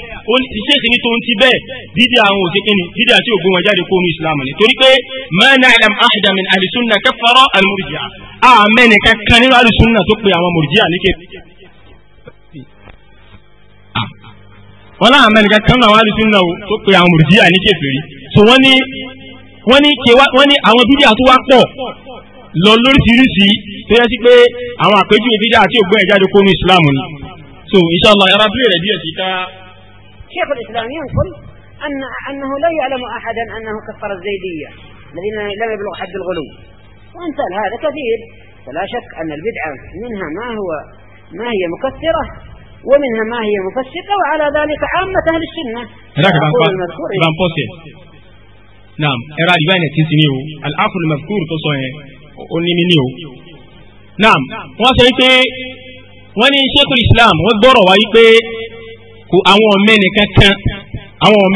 ìṣèṣì ní tòun ti bẹ́ẹ̀ bídíà àwọn òṣèkínni bídíà tí ògùn wọn jáde kó nu islam ni torí pé mẹ́ẹ̀nà ìlànà ahda min alisunna kẹfọ́rọ́ alimurujia àmẹ́ni kankan nínú alisunna tó pe àwọn murujia ní kéde. wọ́n láwọn àmẹ́ni kankan nínú àwọn alisunna tó pe àwọn murujia ní kéde so wọ́n ní wọ́n ní kewa wọ́n ní àwọn bídíà tó wá pọ̀ lọ lóríṣiríṣi tó yẹ sí pé àwọn àpéjúwe bídíà tí ògùn ni. شاء الله يا رب دي ديتي شيخ الاسلام ينقل ان انه لا يعلم احدا انه كفر الزيديه الذين لم يبلغ حد الغلو وامثال هذا كثير فلا شك ان البدعه منها ما هو ما هي مكثره ومنها ما هي مفسقه وعلى ذلك عامه اهل السنه نعم اراد بين تسنيو الاخر المذكور تصوي ونمنيو نعم واسيتي wọ́n ní Sheikhul Islam wọ́n gbọ́rọ̀ wá yí pé kò àwọn ọmọ ẹnìkan àwọn wọ́n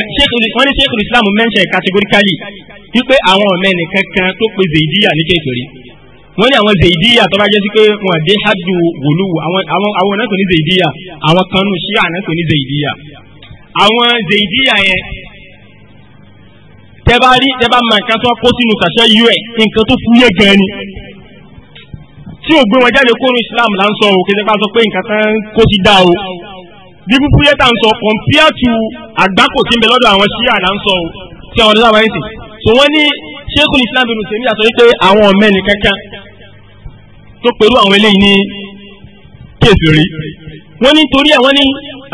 ní Sheikhul Islam mention categorically yí pé àwọn ọmọ ẹnìkan kan tó pe zèyídíyà ní kékeré wọ́n ní àwọn zèyídíyà tó bá jẹ́ sí pé wọ́n dé hadu wòlú àwọn àwọn náà tó ní zèyídíyà àwọn kanu ṣíà náà tó ní zèyídíyà àwọn zèyídíyà yẹn tẹ́ bá rí tẹ́ bá mọ nǹkan tó kó sínú sàṣẹ yú ẹ̀ nǹkan tó fúyẹ́ gan ni tí ò gbé wọn jáde kóró Islam là ń sọ o kéde ká sọ pé nǹkan tán kó ti dá o bí púpú yẹn tà ń sọ compare to àgbákò tí ń bẹ lọ́dọ̀ àwọn ṣíà là ń sọ o tí àwọn ọ̀dọ́ àwọn ẹ̀sìn so wọ́n ní Sheikhul Islam ibn Taymiyyah sọ wípé àwọn ọ̀mẹ́ni kankan tó pẹ̀lú àwọn eléyìí ní kèfèrí wọ́n ní torí àwọn ní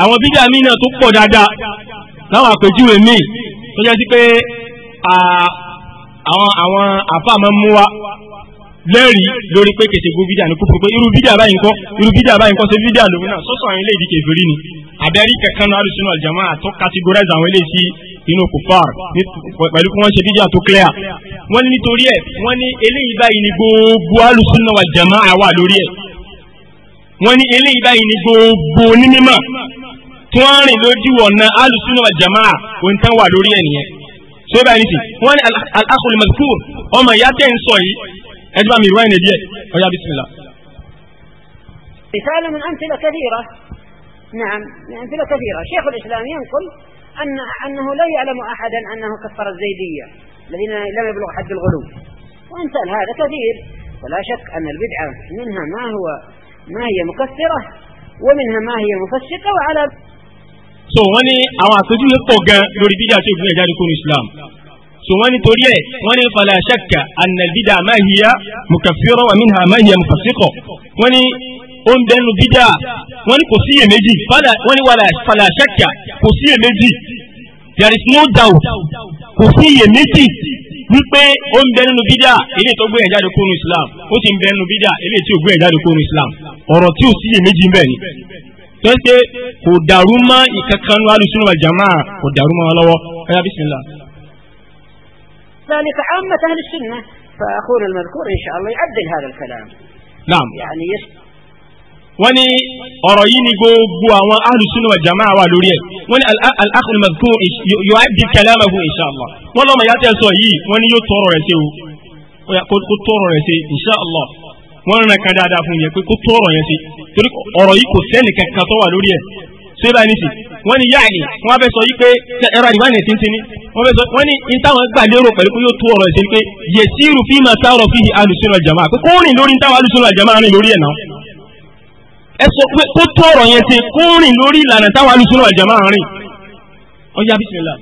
àwọn bíbí àmì náà tó pọ̀ dáadáa láwọn àpèjúwe míì tó jẹ́ sí pé àwọn àfáà máa ń mú wa lẹ́rìí lórí pé kèsè gbó fídíà ní kúkú pé irú fídíà báyìí ńkọ́ irú fídíà báyìí ńkọ́ sí fídíà lòun náà sọ́sọ́ àwọn eléyìí dìkẹ̀ ìfèrí ni àbẹ́rí kankan náà alùsùn náà jama tó categorize àwọn eléyìí sí inú kùfàr pẹ̀lú kí wọ́n ṣe fídíà tó clear wọ́n ní nítorí ẹ̀ wọ́n ní eléyìí báyìí ni gbogbo alùsùn náà wà jama wà lórí ẹ̀ wọ́n ní eléyìí báyìí ni gbogbo onímọ̀ tí wọ́n rìn lójú ọ̀nà alùsùn náà wà jama òun tán wà lórí ẹ̀ nìyẹn. sọ́yìn báyìí nìsín wọ́n ní al-akhul mazkur ọmọ ìyá tẹ̀ ń sọ yìí اجمع bá mi wáyé بسم الله مثال من أمثلة كثيرة نعم من أمثلة كثيرة شيخ الإسلام ينقل أن أنه لا يعلم أحدا أنه كفر الزيدية الذين لم يبلغوا حد الغلو وأمثال هذا كثير ولا شك أن البدعة منها ما هو ما هي مكفرة ومنها ما هي مفسقة وعلى so wọ́n ní àwọn àpèjúwe pọ̀ gan so wọ́n ní torí ẹ̀ wọ́n ní fala shakka annal bid'a ma hiya mukaffira wa minha ma hiya mufassiqa wọ́n ní ó ń bẹnu bídà wọ́n ní kò síyè méjì wọ́n ní fala shakka kò síyè méjì there is no doubt kò síyè méjì wípé ó ń bẹ nínú bídà tó gbé ẹ̀jáde kó islam ó sì ń bẹ nínú tí ò gbé ẹ̀jáde kó islam ọ̀rọ̀ tí ò síyè méjì ń ni tó kò dàrú mọ́ ìkankan nu alùsùn wal kò dàrú mọ́ wọn lọ́wọ́ ẹ̀yà bismillah. ذلك عامة أهل السنة فأخونا المذكور إن شاء الله يعدل هذا الكلام نعم يعني يس wọ́n ní ọ̀rọ̀ yìí ni gbogbo àwọn ahlùsùn wa jama'a wà lórí ẹ̀ wọ́n ní al-akhul madhkur yóò á di kalamahu inṣàlá wọ́n lọ́mọ yàtọ̀ ẹ̀sọ́ yìí wọ́n ní yóò tọrọ rẹ̀ sí o kó tọrọ rẹ̀ sí inṣàlá wọ́n rìn kan dáadáa fún yẹn pé kó tọrọ yẹn sí torí ọ̀rọ̀ yìí kò sẹ́ni kankan tó wà lórí ẹ̀ ṣé báyìí nìsí wọ́n ní yáàni wọ́n fẹ́ sọ yí pé ẹ̀rọ àdìbá ní ẹ̀sìn tìǹtìní wọ́n fẹ́ sọ wọ́n ní n táwọn gbà lérò pẹ̀lú pé yóò tó ọ̀rọ̀ ẹ̀sìn pé yẹ̀sírù fíìmà sáọ̀rọ̀ fíì alùsùnà jàmá pé kó rìn lórí táwọn alùsùnà jàmá rìn lórí ẹ̀ náà ẹ sọ pé kó tó ọ̀rọ̀ yẹn ti kó rìn lórí ìlànà táwọn alùsùnà jàmá rìn ọjà bísímilà.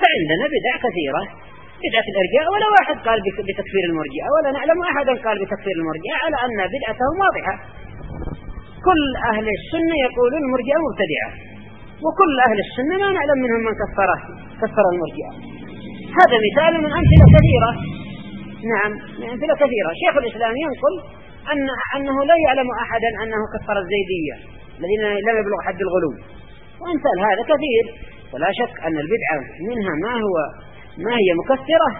فعندنا بدع كثيرة بدعة الإرجاء ولا واحد قال بتكفير المرجئة ولا نعلم أحدا قال بتكفير المرجئة على أن بدعتهم واضحة كل أهل السنة يقولون المرجئة مبتدعة وكل أهل السنة لا نعلم منهم من كفره كفر المرجئة هذا مثال من أمثلة كثيرة نعم من أمثلة كثيرة شيخ الإسلام ينقل أن أنه لا يعلم أحدا أنه كفر الزيدية الذين لم يبلغ حد الغلو وأمثال هذا كثير فلا شك أن البدعة منها ما هو ما هي مكثرة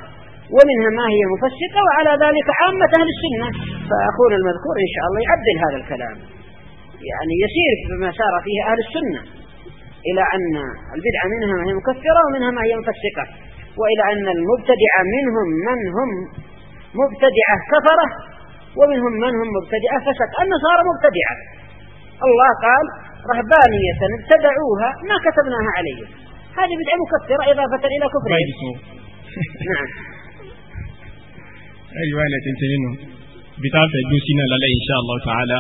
ومنها ما هي مفسقة وعلى ذلك عامة أهل السنة فأخونا المذكور إن شاء الله يعدل هذا الكلام يعني يسير بما سار فيه أهل السنة إلى أن البدعة منها ما هي مكفرة ومنها ما هي مفسقة وإلى أن المبتدعة منهم من هم مبتدعة كفرة ومنهم من هم مبتدعة فسق النصارى مبتدعة الله قال رهبانية ابتدعوها ما كتبناها عليهم هذه بدعة مكفرة إضافة إلى كفر نعم أيوة لا تنتهي منهم بتعرف الدوسين إن شاء الله تعالى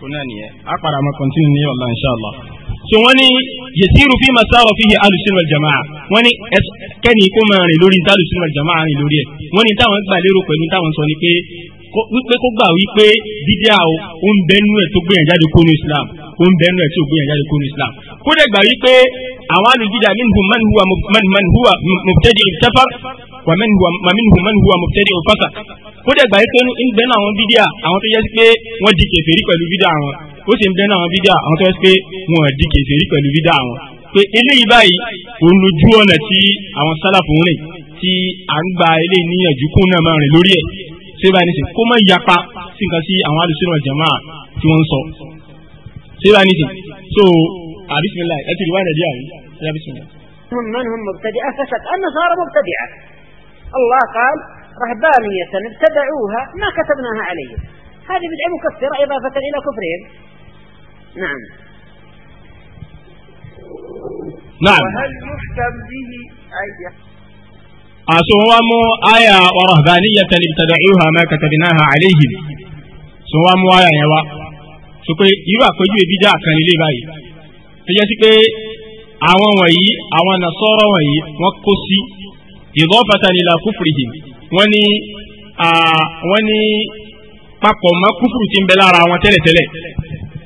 tó náà nìyẹn a padà máa kọ́ntínú ní ọ̀la inṣàlá. so wọ́n ní yẹtìrù fi máa sáwọ́ fi alùsùn wal jamaa wọ́n ní kẹ́ni kó máa rìn lórí níta alùsùn wal jamaa rìn lórí ẹ̀ wọ́n ní táwọn gbà lérò pẹ̀lú táwọn sọ ni pé wípé kó gbà wípé dídá o ń bẹnu ẹ̀ tó gbìyànjú jáde kó nu Islam o ń bẹnu ẹ̀ tó gbìyànjú jáde kó nu Islam kó dẹ̀ gbà wípé àwọn alùjíjà minhum man huwa mubtadi' kafar wàmínú man huwa mubtadi fasaq ó dẹ̀ gbà pé ń bẹ náà àwọn bídíà àwọn tó yẹ sí pé wọ́n di kèfèrí pẹ̀lú bídíà àwọn ó sì ń bẹ náà àwọn bídíà àwọn tó yẹ sí pé wọ́n di kèfèrí pẹ̀lú bídíà àwọn pé eléyìí báyìí òun lójú ọ̀nà tí àwọn sálàfù ń rìn tí à ń gba eléyìí níyànjú kún náà máa rìn lórí ẹ̀ ṣé báyìí nìsín kó má yapa مبتدئة فسق النصارى مبتدئة الله قال رهبانية ابتدعوها ما كتبناها عليهم هذه بدعة مكفرة إضافة إلى كفرهم نعم نعم وهل يحكم به أي أسوام آه، آية ورهبانية ابتدعوها ما كتبناها عليهم سوام آية يوا سوكي يوا كوجي بيجا كان لي باي تجي سي àwọn wọ̀nyí àwọn nasọ́rọ̀ wọ̀nyí wọ́n kó sí ìdọ́fàtà nílà kúfùrìhì wọ́n ní wọ́n ní papọ̀ mọ́ kúfùrù tí ń bẹ lára wọn tẹ́lẹ̀tẹ́lẹ̀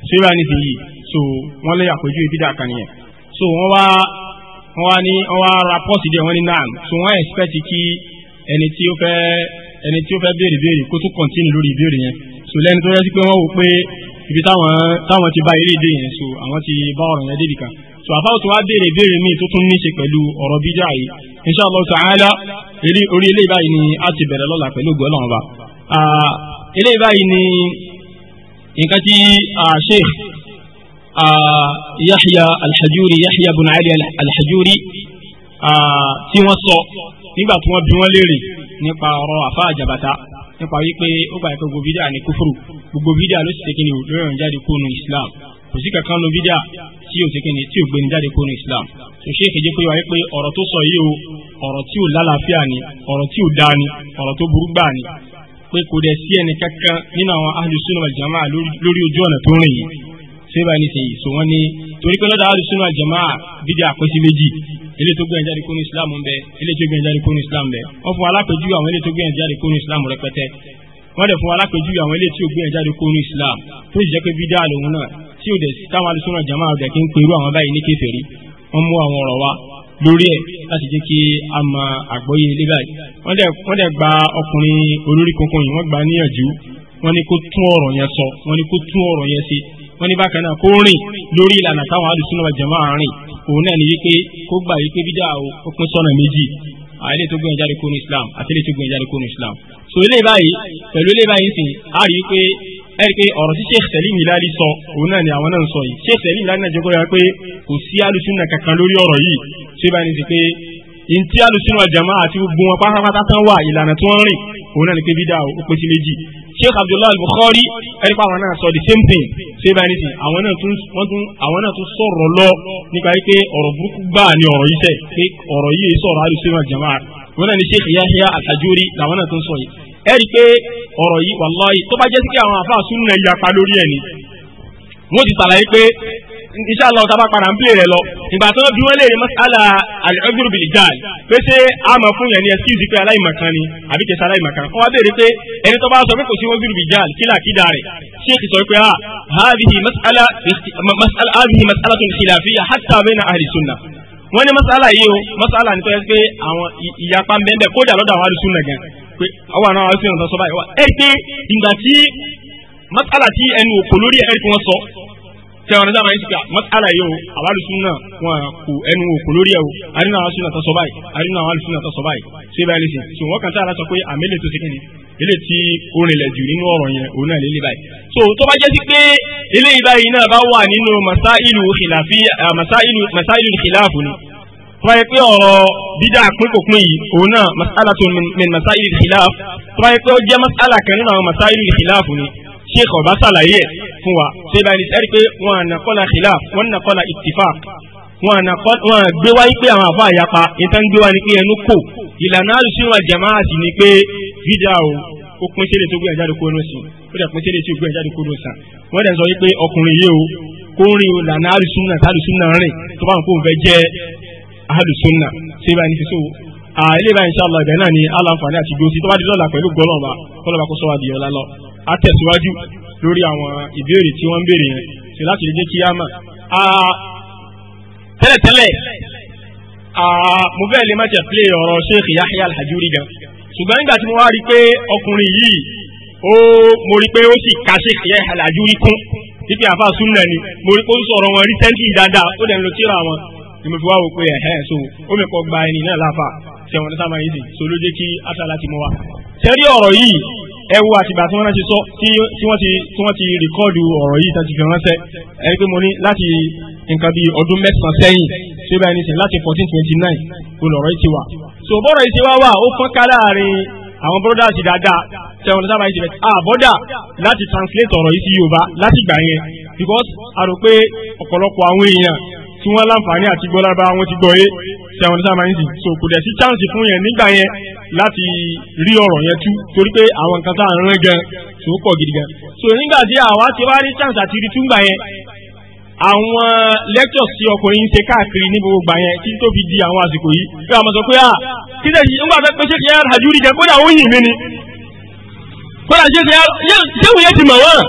ṣé bá ní sèyí so wọ́n lé àpèjúwe bídà kan nìyẹn so wọ́n wá wọ́n wá ní wọ́n wá ra pọ́ọ̀sì díẹ̀ wọ́n ní náà so wọ́n expect kí ẹni tí ó fẹ́ ẹni tí ó fẹ́ béèrè béèrè kó tún kọ̀ntínú lórí ìbéèrè yẹn so lẹ́nu tó yẹ pé ibi táwọn táwọn ti bá ilé ìdè yẹn so àwọn ti bá ọ̀rọ̀ yẹn débìkan so àfáwọ̀ tó wá béèrè béèrè míì tó tún ní í ṣe pẹ̀lú ọ̀rọ̀ bídà yìí insha Allah ta'ala orí ilé ìbáyìí ni a ti bẹ̀rẹ̀ lọ́la pẹ̀lú gbọ́lọ́ ọba ilé ìbáyìí ni nǹkan tí sheikh yahya alhajuri yahya bin ali alhajuri tí wọ́n sọ nígbà tí wọ́n bí wọ́n léèrè nípa ọ̀rọ̀ àfa àjàbàtà nípa wípé ó gbà pé gbogbo bídà ni kúfùrù gbogbo bídà ló sì ṣe kí ni lóyún jáde kó nu islam kò sí kankan nu bídà tí ò tẹ́kẹ́ ni tí ò gbéni jáde kónú islam tó ṣe é jẹ́ pé wáyé pé ọ̀rọ̀ tó sọ yìí o ọ̀rọ̀ tí ò lálàáfíà ni ọ̀rọ̀ tí ò dáa ni ọ̀rọ̀ tó burú gbà ni pé kò dẹ̀ sí ẹni kankan nínú àwọn ahlus sunnah wal jamaa lórí ojú ọ̀nà tó rìn yìí sẹ́bà ní sẹ́yìn sọ wọ́n ní torí pé lọ́dọ̀ ahlus sunnah wal jamaa bídíà àkọsí méjì ilé tó gbẹ̀yìn jáde kónú islam ń bẹ ilé tó gbẹ̀yìn jáde kónú islam bẹ wọ́n fún alápèjú àwọn ilé tó gbẹ̀yìn jáde kónú islam rẹpẹtẹ wọ́n dẹ̀ fún alápèjú àwọn ilé tí ò gbẹ̀yìn jáde kónú islam tó sì jẹ́ pé bídíà lòun náà tí ò dẹ̀ táwọn alùsùn náà jàmáà dẹ̀ kí ń perú àwọn báyìí ní kèfèrí wọ́n mú àwọn ọ̀rọ̀ wa lórí ẹ̀ láti jẹ́ kí a mọ àgbọ́yé ilé báyìí wọ́n dẹ̀ gba ọkùnrin olórí kankan yìí wọ́n gba níyànjú wọ́n ní kó tún ọ̀rọ̀ yẹn sọ wọ́n ní kó tún ọ̀rọ̀ yẹn ṣe wọ́n ní bákan náà kó rìn lórí ìlànà táwọn alùsùn náà jàmáà rìn òun náà ní wípé kó gbà wípé bídà ó pín sọ́nà méjì àìlè tó gbìyànjú àdìkú ní Islam àti ilé tó gbìyànjú àdìkú ní Islam so ilé báyìí pẹ̀lú ilé báyìí sìn á rí i pé ẹ̀rí pé ọ̀rọ̀ tí Sheikh Salim Hilali sọ òun náà ni àwọn náà ń sọ yìí Sheikh Salim Hilali náà jẹ́ kóyà pé kò sí alùsùnà kankan lórí ọ̀rọ̀ yìí tí ó bá ní sí pé ntí alùsùnà jama àti gbogbo wọn pátápátá tán wà ìlànà tí wọ́n rìn òun náà ni pé bídà ó pé méjì Sheikh Abdullahi Bukhari ẹ̀rí pé àwọn náà sọ the same thing tí ó bá ní sí àwọn náà tún sọ̀rọ̀ lọ nípa pé ọ̀rọ̀ burúkú gbáà ni ọ̀rọ̀ yìí sẹ́ pé ọ̀rọ̀ yìí sọ̀rọ̀ alùsùnà jama wọn náà ni Sheikh Yahya al làwọn náà tún sọ yìí ẹ rí i pé ọ̀rọ̀ yìí wàláhì tó bá jẹ́ sí kí àwọn àfa àsúnú ẹ̀ yapa lórí ẹ̀ ni wọ́n ti sàlàyé pé insha Allah tá a bá padà ń bèèrè lọ ìgbà tó bí wọ́n lè rí mas'ala al-udhr bil-jahl pé ṣé a mọ̀ fún yẹn ní ẹskíìsì pé aláìmọ̀kan ni àbí kẹsà aláìmọ̀kan wọ́n bèèrè pé ẹni tó bá sọ pé kò sí udhr bil-jahl kílà kídà rẹ̀ ṣé kì sọ pé a ah, hadhihi mas'ala hadhihi mas'alatun khilafiyya hatta bayna ahli sunnah wọ́n ní mas'ala yìí o mas'ala ni pé àwọn ìyapa ń bẹ́ẹ̀ pé àwọn àna àwọn fihàn sọ báyìí wá ẹ pé ìgbà tí masala tí ẹnu òkò lórí ẹ tí wọ́n sọ tẹwọn nígbà máa ń sika masala yìí o àwọn alùsùn náà wọn kò ẹnu òkò lórí ẹ o àrínà àwọn alùsùn náà sọ báyìí àrínà àwọn alùsùn náà sọ báyìí ṣé báyìí lè sè so wọn kàn tí ara sọ pé àmẹlẹ ah, tó ṣe kí ni ilé tí orin lẹ̀ jù nínú ọ̀rọ̀ yẹn òun náà lélẹ̀ báyìí so tó bá jẹ́ sí pé eléyìí báyìí náà bá wà nínú masailu khilafi masailu ah, masailu ni tó bá yẹ pé ọ̀rọ̀ dídá pín kò pín yìí òun náà masala tó min masail al-khilaf tó bá yẹ pé ó jẹ́ masala kan nínú àwọn masail al-khilaf ni sheikh ọba ṣàlàyé ẹ̀ fún wa ṣé bá ní sẹ́rí pé wọn ànàkọ́lá khilaf wọn ànàkọ́lá ittifaq wọn àgbé wá yí pé àwọn àfa àyapa ìta gbé wá pé ẹnu kò ìlànà àlùsùn wa jama'a ni pé fídíà o ó pín sílẹ̀ tó tó gbé ẹ̀jáde kó kó rin ìlànà àlùsùn náà tálùsùn rìn tó bá wọn kó ń fẹ́ ahadu sunna ṣé báyìí ní sísọ ilé báyìí inṣàlá ibẹ̀ náà ni aláǹfààní àti gbòòsì tó bá di lọ́la pẹ̀lú gọlọmọba kọlọmọba kó sọ wá di ọ̀la lọ a tẹ̀síwájú lórí àwọn ìbéèrè tí wọ́n ń béèrè yẹn ṣe láti lè jẹ́ kí á mà tẹ́lẹ̀tẹ́lẹ̀ mo fẹ́ lè má tẹ̀ pílé ọ̀rọ̀ Sheikh Yahya Al-Hajuri gan ṣùgbọ́n nígbà tí mo wá rí pé ọkùnrin yìí mo rí pé ó sì ka Sheikh Yahya al kún níbi àfa súnà ni mo rí pé ó sọ̀rọ̀ wọn rí dáadáa ó dẹ̀ ń lo tíra wọn ni mo fi wá wò pé ẹ̀hẹ́ so ó mi kọ́ gba ẹni náà láfa sẹ́wọ̀n ní sábà yìí sì so ló jẹ́ kí asala ti mọ́ wa. sẹ́rí ọ̀rọ̀ yìí ẹ wo àtìgbà tí wọ́n ti sọ tí wọ́n ti tí wọ́n ti rìkọ́ọ̀dù ọ̀rọ̀ yìí tàbí fi ránṣẹ́ ẹ pé mo ní láti nǹkan bíi ọdún mẹ́sàn-án sẹ́yìn tí ó bá ẹni sìn láti fourteen twenty nine olọ̀rọ̀ yìí ti wà. so bọ́rọ̀ yìí ti wá wà ó fọ́n ká láàrin àwọn brothers dáadáa sẹ́wọ̀n ní sábà yìí ti bẹ̀ àbọ̀dà ah, láti translate ọ̀rọ̀ yìí sí Yorùbá láti gbà yẹn because a rò pé ọ̀pọ̀lọpọ̀ àwọn èèyàn tí wọ́n láǹfààní àti gbọ́ lábá wọn ti gbọ́ yé sẹ́wọ̀n ní sábà ń so kò dẹ̀ sí chance fún yẹn nígbà yẹn láti rí ọ̀rọ̀ yẹn tú torí pé àwọn nǹkan tá à ń rán gan tó pọ̀ gidi gan so nígbà tí àwa ti wá rí chance àti rí túngbà yẹn àwọn lectures tí ọkùnrin ń ṣe káàkiri ní gbogbo gbà yẹn tí tó fi di àwọn àsìkò yìí pé àwọn sọ pé à ah, kí lè yí nígbà tó pé ṣé kí ẹ rí gan kódà ó yìn mí ni kódà ṣé kí ẹ ṣé òun ti mọ̀ wọ́n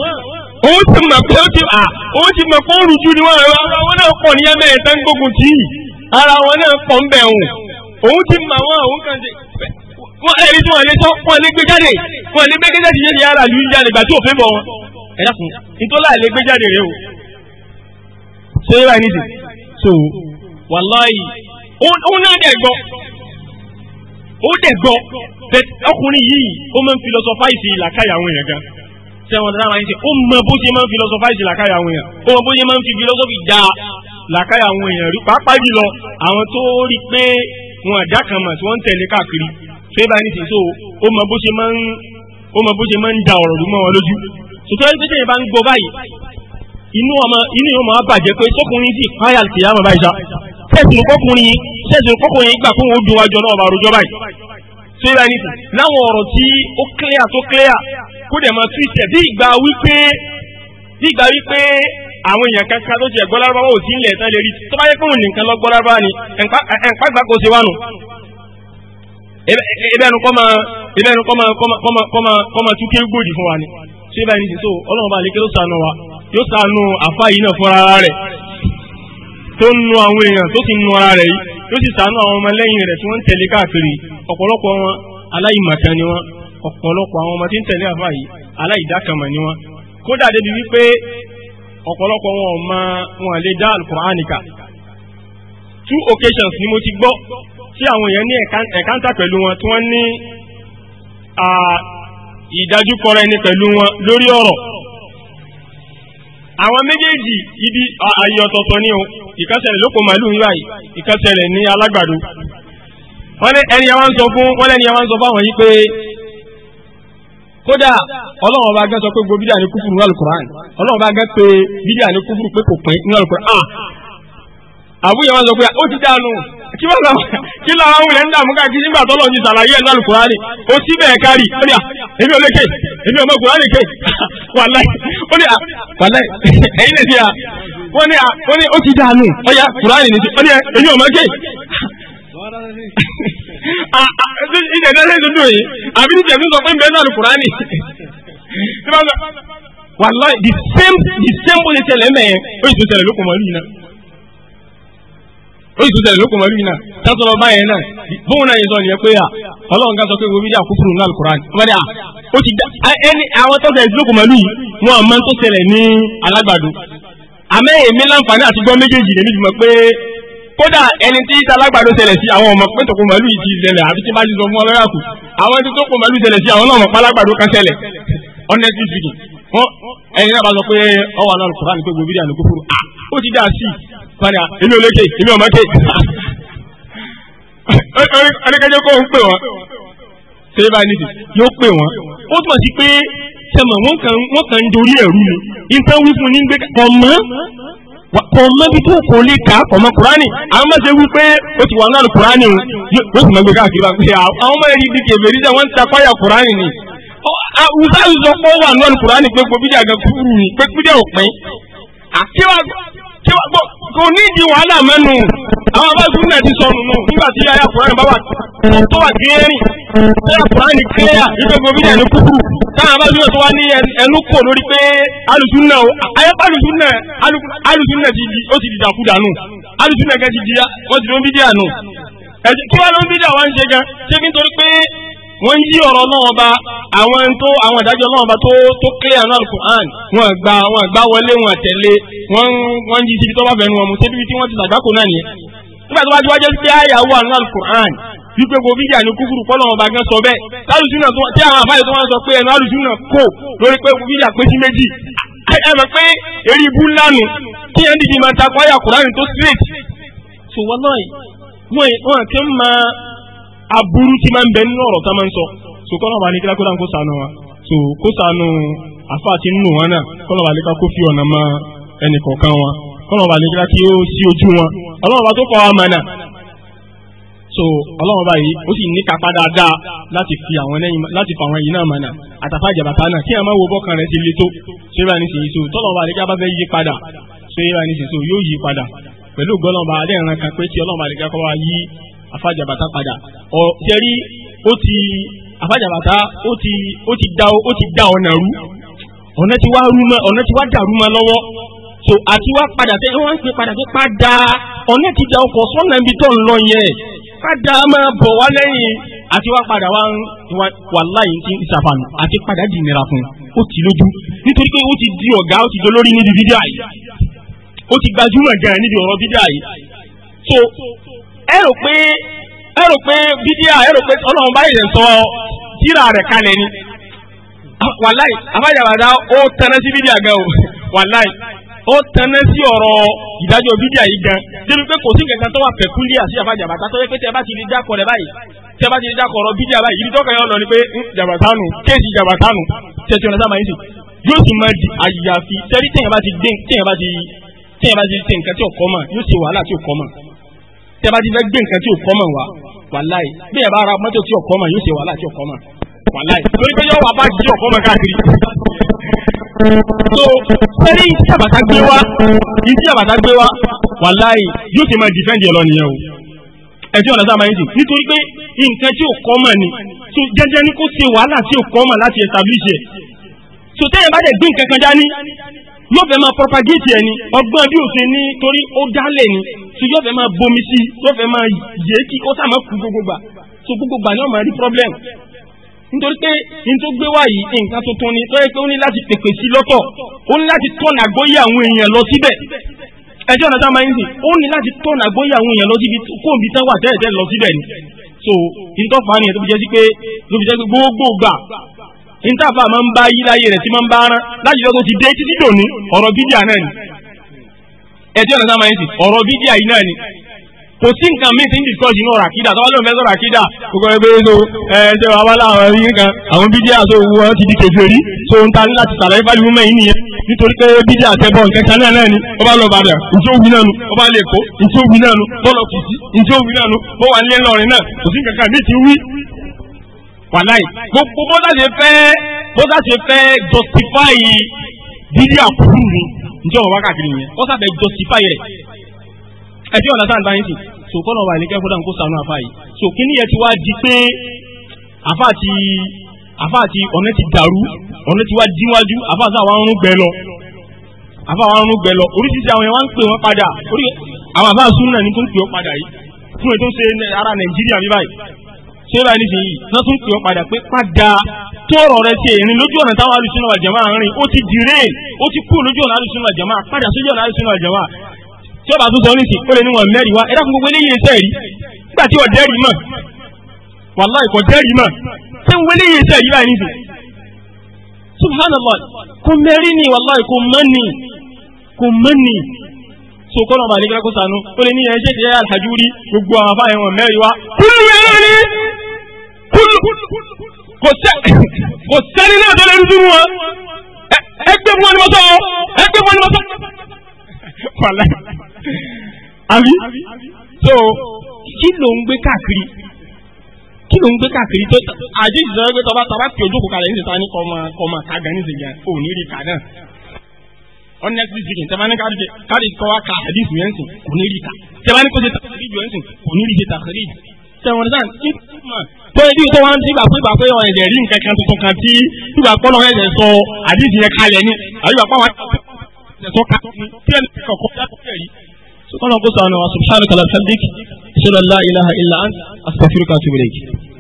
òun ti mọ̀ pé ó ti à òun ti mọ̀ pé ó rùjú ni wọ́n rẹ̀ wọn náà pọ̀ ní ẹ̀mẹ́ tán gbógun tì ara wọn náà pọ̀ ń bẹ̀ òun ti mọ̀ wọn òun kàn ṣe wọn ẹ̀rí tí wọn lè sọ wọn lè gbé jáde wọn lè gbé jáde yé ni ara lu ń jáde gbà tí òfin bọ̀ wọn ẹ̀dá kun ìtọ́lá lè gbé jáde rẹ o ṣé yóò bá ní ti so wàláyì òun náà dẹ̀ gbọ́ ó dẹ̀ gbọ́ ọkùnrin yìí ó máa ń filọ́sọfáìsì làkàyà àwọn èèyàn gan sẹ́wọ̀n tó dára yín sí ó mọ bó ṣe máa ń philosophize làkàyà àwọn èèyàn ó mọ bó ṣe máa ń fi philosophy da làkàyà àwọn èèyàn rí pàápàá jùlọ àwọn tó rí pé wọn àdá kan mà tí wọ́n ń tẹ̀lé káàkiri fẹ́ bá ní sí so ó mọ bó ṣe máa ń ó mọ bó ṣe máa ń da ọ̀rọ̀ rú mọ́ wọn lójú tuntun ẹni tẹ́tẹ́ yẹn bá ń gbọ́ báyìí inú ọmọ inú yóò máa bàjẹ́ pé sọkùnrin sì káyà sí yàrá báyìí sá sẹ́sìn kọkùnrin yìí sẹ́sìn kọkùnrin yìí gbà fún òun dùn wájú ọlọ́ọ̀bà àròjọ báyìí tó yẹ báyìí láwọn ọ̀rọ̀ tí ó clear tó clear kó dẹ̀ máa túwìtì ẹ̀ bí ìgbà wípé bí ìgbà wípé àwọn èèyàn kankan tó ti ẹ̀gbọ́ lárúbáwá ò sí ilẹ̀ ẹ̀tàn lè rí tó bá yẹ pé òun nìkan lọ́gbọ́ lárúbáwá ni ẹ̀ǹpá gbà kó ṣe wánu. ibẹ̀nu kọ́ máa ibẹ̀nu kọ́ máa kọ́ máa tún kéré gbòdì fún wa ni ṣé ibà ní sísọ ọlọ́run bá lékè ló sànù wa yóò sànù àfa yìí náà fúnra rẹ̀ tó ń nu àwọn èèyàn tó sì nu ara rẹ̀ yìí yóò sì sànù àwọn ọmọ lẹ́yìn rẹ̀ tí wọ́n ń tẹ̀lé káàkiri ọ̀pọ̀lọpọ̀ wọn aláìmọ̀kan ni wọn ọ̀pọ̀lọpọ̀ àwọn ọmọ tí ń tẹ̀lé àfáà yìí aláìdákàmọ̀ ni wọ́n kódà débi wípé ọ̀pọ̀lọpọ̀ wọn ọmọ wọn lè dá alukur'an kà two occasions ni mo ti gbọ́ tí àwọn èèyàn ní ẹ̀kántà pẹ̀lú wọn tí wọ́n ní ìdájúkọrọ ẹni pẹ̀lú wọn lórí ọ̀rọ̀ àwọn méjèèjì ibi ààyè ọ̀tọ̀ọ̀tọ̀ ni o ìkẹsẹ̀lẹ̀ lóko màálù ń ráyì ìkẹsẹ̀lẹ̀ ní alágbàdo wọ́n ní ẹni àwọn sọ fún wọ́n lẹ́ni àwọn sọ fún àwọn yìí pé kódà ọlọ́run ọba gán sọ pé gbogbo bídíà ní kúfùrù ní alukur'an ọlọ́run ọba gán pé bídíà ní kúfùrù pé kò pín ní alukur'an ah! àbúyẹ wọn sọ pé ah, ó ti dànù kí wọn làwọn kí làwọn wulẹ̀ ń dààmú káàkiri nígbà tó ní sàlàyé ní ó bẹ̀ẹ̀ kárì ó ní à ah, èmi ò èmi ò mọ ké ó ní à lè ti à wọ́n ní à ó ní ó ti dànù ó yà kur'an ní ti ó ní èmi ò mọ ké. Ah, ah, ilẹ̀ náà lè dúdú yìí àbí níjẹ̀ tó sọ bẹ́ẹ̀ náà lùkùránì. wàláì the same the same ó lè tẹ̀lé mẹ́ẹ̀ ó sì tún tẹ̀lé lókun mọ́lú yìí náà ó sì tún tẹ̀lé lókun mọ́lú yìí náà sátọ̀ lọ báyẹn náà bóun náà yẹn sọ nìyẹn pé à ah, ọlọ́run ká sọ pé wọ́n bí dà kúkúrú náà lùkùránì wọ́n dà ó ti kódà ẹni tí alágbàdo ṣẹlẹ̀ sí àwọn ọmọ pẹ́tọ̀kọ màálù yìí ti ṣẹlẹ̀ àfi tí bá ti sọ fún ọlọ́yà kù àwọn tí tó kọ màálù ṣẹlẹ̀ sí àwọn ọmọ pálágbàdo kan ṣẹlẹ̀ honestly speaking wọn ẹni náà bá sọ pé ọwọ́ àná alùpùpù àti gbogbo bídíà ló kó fún un ó ti dá sí padà èmi ò lékè èmi ò mọ́kè ẹnikẹ́jẹ́ kó ń pè wọ́n ṣe é báyìí nìdí yóò pè wọ́n ó túmọ̀ sí pé sẹ́mọ̀ wọ́n kàn ń dorí ẹ̀rú ni nǹkan wí fún ní gbé kọ̀ mọ́ kọ̀ọ̀mọ́ bí tó kò lè kà kọ̀ọ̀mọ́ kùránì àwọn máa ṣe wípé o ti wà náà kùránì o yóò sì máa gbé káàkiri wa pé àwọn máa rí dìkẹ̀ bèrè jẹ́ wọ́n ń takọ́yà kùránì ni. àwùjọ àwùjọ pọ̀ wà náà kùránì pé gbòbídà gan kúrú ni pé gbídà òpin. àkíwá kò ní ìdí wàhálà mẹ́nu àwọn abáyọ̀kú náà ti sọnù nù nígbà tí ayé àkùrán bá wà tó wà kílẹ́rì ayé àkùrán ní kílẹ́yà wípé gbogbo yẹn ní kúkú táwọn abáyọ̀kú náà tó wá ní ẹnu kò lórí pé alùsùn náà ayé alùsùn náà alùsùn di ó ti di dànù alùsùn náà kẹ́ ti di wọ́n ti ló ń bí díà nù kí wọ́n ló ń bí díà wá ń ṣe gan ṣé nítorí pé wọ́n yí ọ̀rọ̀ náà ọba àwọn tó àwọn ìdájọ́ náà ọba tó tó clear náà Al-Qur'an wọ́n gbà wọ́n gbà wọlé wọ́n tẹ̀lé wọ́n wọ́n yí síbi tó bá fẹnu wọn mú síbi tí wọ́n ti sàgbákò náà nìyẹn nígbà tó bá ti wájẹ́ pé àyà wà náà Al-Qur'an wípé gbogbo ìjà ni kúkúrú kọ́lọ̀ ọba gan sọ bẹ́ẹ̀ tálùsúnà tí àwọn àbáyọ̀ tó wọ́n sọ pé ẹnu alùsúnà kò lórí pé gbogbo ìjà pé sí méjì ẹ mọ̀ pé eré ibú ńlá nu kí ẹ dìde máa ta kwaya Kùránì tó straight so wọ́n náà wọ́n kí ń máa aburú ti máa ń bẹ nínú ọ̀rọ̀ tá máa ń sọ so kọ́nà bá ní kílákó dáhùn kó sànù wa so kó sànù àfa àti nínú wọn náà kọ́nà bá ní fi ọ̀nà ma ẹnì wa kọ́nà bá ní o si ó sí ojú wọn ọlọ́run bá tó kọ́ wa so ọlọ́run bá yìí ó sì ní kápá dáadáa láti fi àwọn ẹlẹ́yìn láti fa àwọn ẹ̀yìn náà mọ̀nà àtàfà ìjàbàtà náà kí ẹ ti le tó afájàbàtà padà ọ tẹ́rí ó ti afájàbàtà ó ti ó ti da ó ti da ọ̀nà rú ọ̀nà ti wá rú mọ́ ọ̀nà ti wá dàrú mọ́ lọ́wọ́ so àti wá padà tẹ́ wọ́n ń pè padà pé padà ọ̀nà ti da ọkọ̀ sọ́nà ibi tó ń lọ yẹn padà máa bọ̀ wá lẹ́yìn àti wá padà wá ń wà láyé ti ìsàfàlù àti padà di ìnira fún un ó ti lójú nítorí pé ó ti di ọ̀gá ó ti dolórí níbi fídíà yìí ó ti gbajúmọ̀ gan níbi ọ̀rọ̀ fídíà yìí so ẹ rò pé ẹ pé bídíà ẹ pé ọlọ́run bá sọ tíra rẹ̀ kalẹ̀ ni ah, wàláì abájáwádá ó sí bídíà gan o wàláì ó tẹ̀lé sí ọ̀rọ̀ ìdájọ́ bídíà yìí gan débi pé kò sí nǹkan tó wà pẹ̀kúlíà sí abájáwádá tó yẹ pé tẹ bá ti lè dákọ̀ rẹ̀ báyìí tẹ bá ti lè dákọ̀ ọ̀rọ̀ bídíà báyìí ibi lọ ni pé hmm, kéèsì ọ̀nà yóò sì máa tẹ́ bá ti fẹ́ gbé nǹkan tí ò kọ́mọ̀ wa wàláì bí ẹ̀ bá ra mọ́tò tí ò kọ́mọ̀ yóò ṣe wàhálà tí ò kọ́mọ̀ wàláì torí pé yóò wà bá jí ò kọ́mọ̀ káàkiri. so sẹ́ni tí àbàtà gbé wá ìdí àbàtà gbé wá wàláì yóò ti máa dìfẹ́ǹdì ẹ̀ lọ nìyẹn o ẹ̀jẹ̀ ọ̀nà sáà máa ń nítorí pé nǹkan tí ò kọ́mọ̀ ni so jẹ́jẹ́ ni kò ṣe wàhálà tí ò kọ́mọ̀ láti establish ẹ̀ so tẹ́yẹ̀ bá dẹ̀ gbé nǹkan kan yóò fẹ́ máa propagate ẹni ọgbọ́n bí òsè ni torí ó dálẹ̀ ni tí yóò fẹ́ máa bomi sí yóò fẹ́ máa yé kí ó sàmọ́ kú gbogbo gbà so gbogbo gbà ni ó máa rí problem nítorí pé ní tó gbé wá yìí nǹkan tuntun ni tó yẹ pé ó ní láti pèpè sí lọ́tọ̀ ó ní láti tọ́nà àgbóyé àwọn èèyàn lọ síbẹ̀ ẹjọ́ ọ̀nà tá a máa ń sìn ó ní láti tọ́nà àgbóyé àwọn èèyàn lọ síbi kó òbí tán wà tẹ́lẹ̀ tẹ́lẹ̀ lọ síbẹ̀ ni so ìtọ́fà ni ẹ̀ tó fi jẹ́ sí pé gbogbo gbà ìtàfà máa ń bá yí láyé rẹ̀ tí máa ń bá rán láti lọ́dún ti dé títí dòní ọ̀rọ̀ bídíà náà ni ẹ̀tí ọ̀nà sáà máa ń sìn ọ̀rọ̀ bídíà yìí náà ni kò sí nǹkan míì tí ń discuss inú ọ̀rọ̀ àkídà tọ́wọ́ lóun fẹ́ sọ̀rọ̀ àkídà gbogbo ẹgbẹ́ so ẹ ṣe wàá wá láwọn ẹbí kan àwọn bídíà tó wọn ti di kèfèrí so ń ta ní láti sàlàyé fáliwú mẹ́yìn nìyẹn nítorí pé bídíà tẹ́bọ̀ nǹkan kan náà náà ni ó bá lọ bàdà ǹjẹ́ òwì náà nu ó bá lè kó ǹjẹ́ òwì náà nu bọ́ọ̀lù kìsì ǹjẹ́ òwì náà nu bọ́wà nílẹ̀ ńlọrin náà kò sí nǹkan kan míì ti wí wàláì gbogbo bọ́dà ṣe fẹ́ bọ́dà ṣe fẹ́ justify dídí àkúrú ni njẹ́ wọn wákàtí nìyẹn wọ́n sábẹ́ justify rẹ̀ ẹ̀fí ọ̀nà sáà ń báyìí sí so kọ́nà wà ní kẹ́kọ̀ọ́ dáhùn kó sànú àfa yìí so kí nìyẹn ti wá di pé àfa ti àfa ti ọ̀nà ti dàrú ọ̀nà ti wá díwájú àfa sáà wọn rún gbẹ lọ àfa wọn rún gbẹ lọ oríṣiríṣi àwọn yẹn wá ń pè wọn padà orí àwọn àfa sunna ní tó ń pè wọn padà yìí fún ètò ṣe ara Nàìjíríà bí ṣé bá nísìnyí náà tún pè ọ́ padà pé padà tó ọ̀rọ̀ rẹ ṣe ìrìn lójú ọ̀nà táwọn alùsùn wal jamaa rìn ó ti dìrẹ́ ó ti kú lójú ọ̀nà alùsùn wal jamaa padà sójú ọ̀nà alùsùn wal jamaa tí ọba tó sọ nísìn ó lè ní wọn mẹ́rin wá ẹ dákun gbogbo eléyìí iṣẹ́ rí nígbà tí ọ̀dẹ́ rí mọ̀ wàláì kò dẹ́ mọ̀ tí gbogbo eléyìí iṣẹ́ rí báyìí nísìn subhanallah kò mẹ́rin ni wàláì kò mọ́ ni kò ni so kọ́nà ọba àlejò kó sànú ó lè ní ẹ̀ ṣèṣe alhajuri gbogbo àwọn afáyẹ̀wọ̀n mẹ́rin kò sẹ́ni náà tó lè rújú wọn ẹgbẹ́ fún wọn ni wọ́n sọ ẹgbẹ́ fún wọn ni wọ́n sọ. wàlẹ́ àbí so kí ló ń gbé káàkiri kí ló ń gbé káàkiri tó àdéhùn sọ pé tọba tọba fi ojú kò kalẹ̀ ní ìta ní kọ́mọ kọ́mọ kága ní ìsìnkà ò ní rí ká náà honestly speaking tẹ́lá ní káàdì kọ́wá ká àdéhùn yẹn sìn kò ní rí ká tẹ́lá ní kó ṣe tàkàrí yẹn sìn kò rí ṣe tàkàrí jù tẹ̀wọ̀n tó ibi tó wọn ti gbà pé gbàgbé ọ̀rọ̀ ẹ̀jẹ̀ rí nǹkan kan tuntun kan tí gbígbà pọ́nlọ́ ẹ̀jẹ̀ sọ àdìsí yẹn kalẹ̀ ni àdìgbà pọ́nlọ́ ẹ̀jẹ̀ sọ kalẹ̀ ni tí ẹ̀ kọ̀kọ́ yàtọ̀ kẹ̀rí. sọ́kànnà kó sànù wa subhanahu wa ta'ala sadiq ṣẹlẹ̀ la ilaha illa anta astaghfiruka wa atubu ilayk.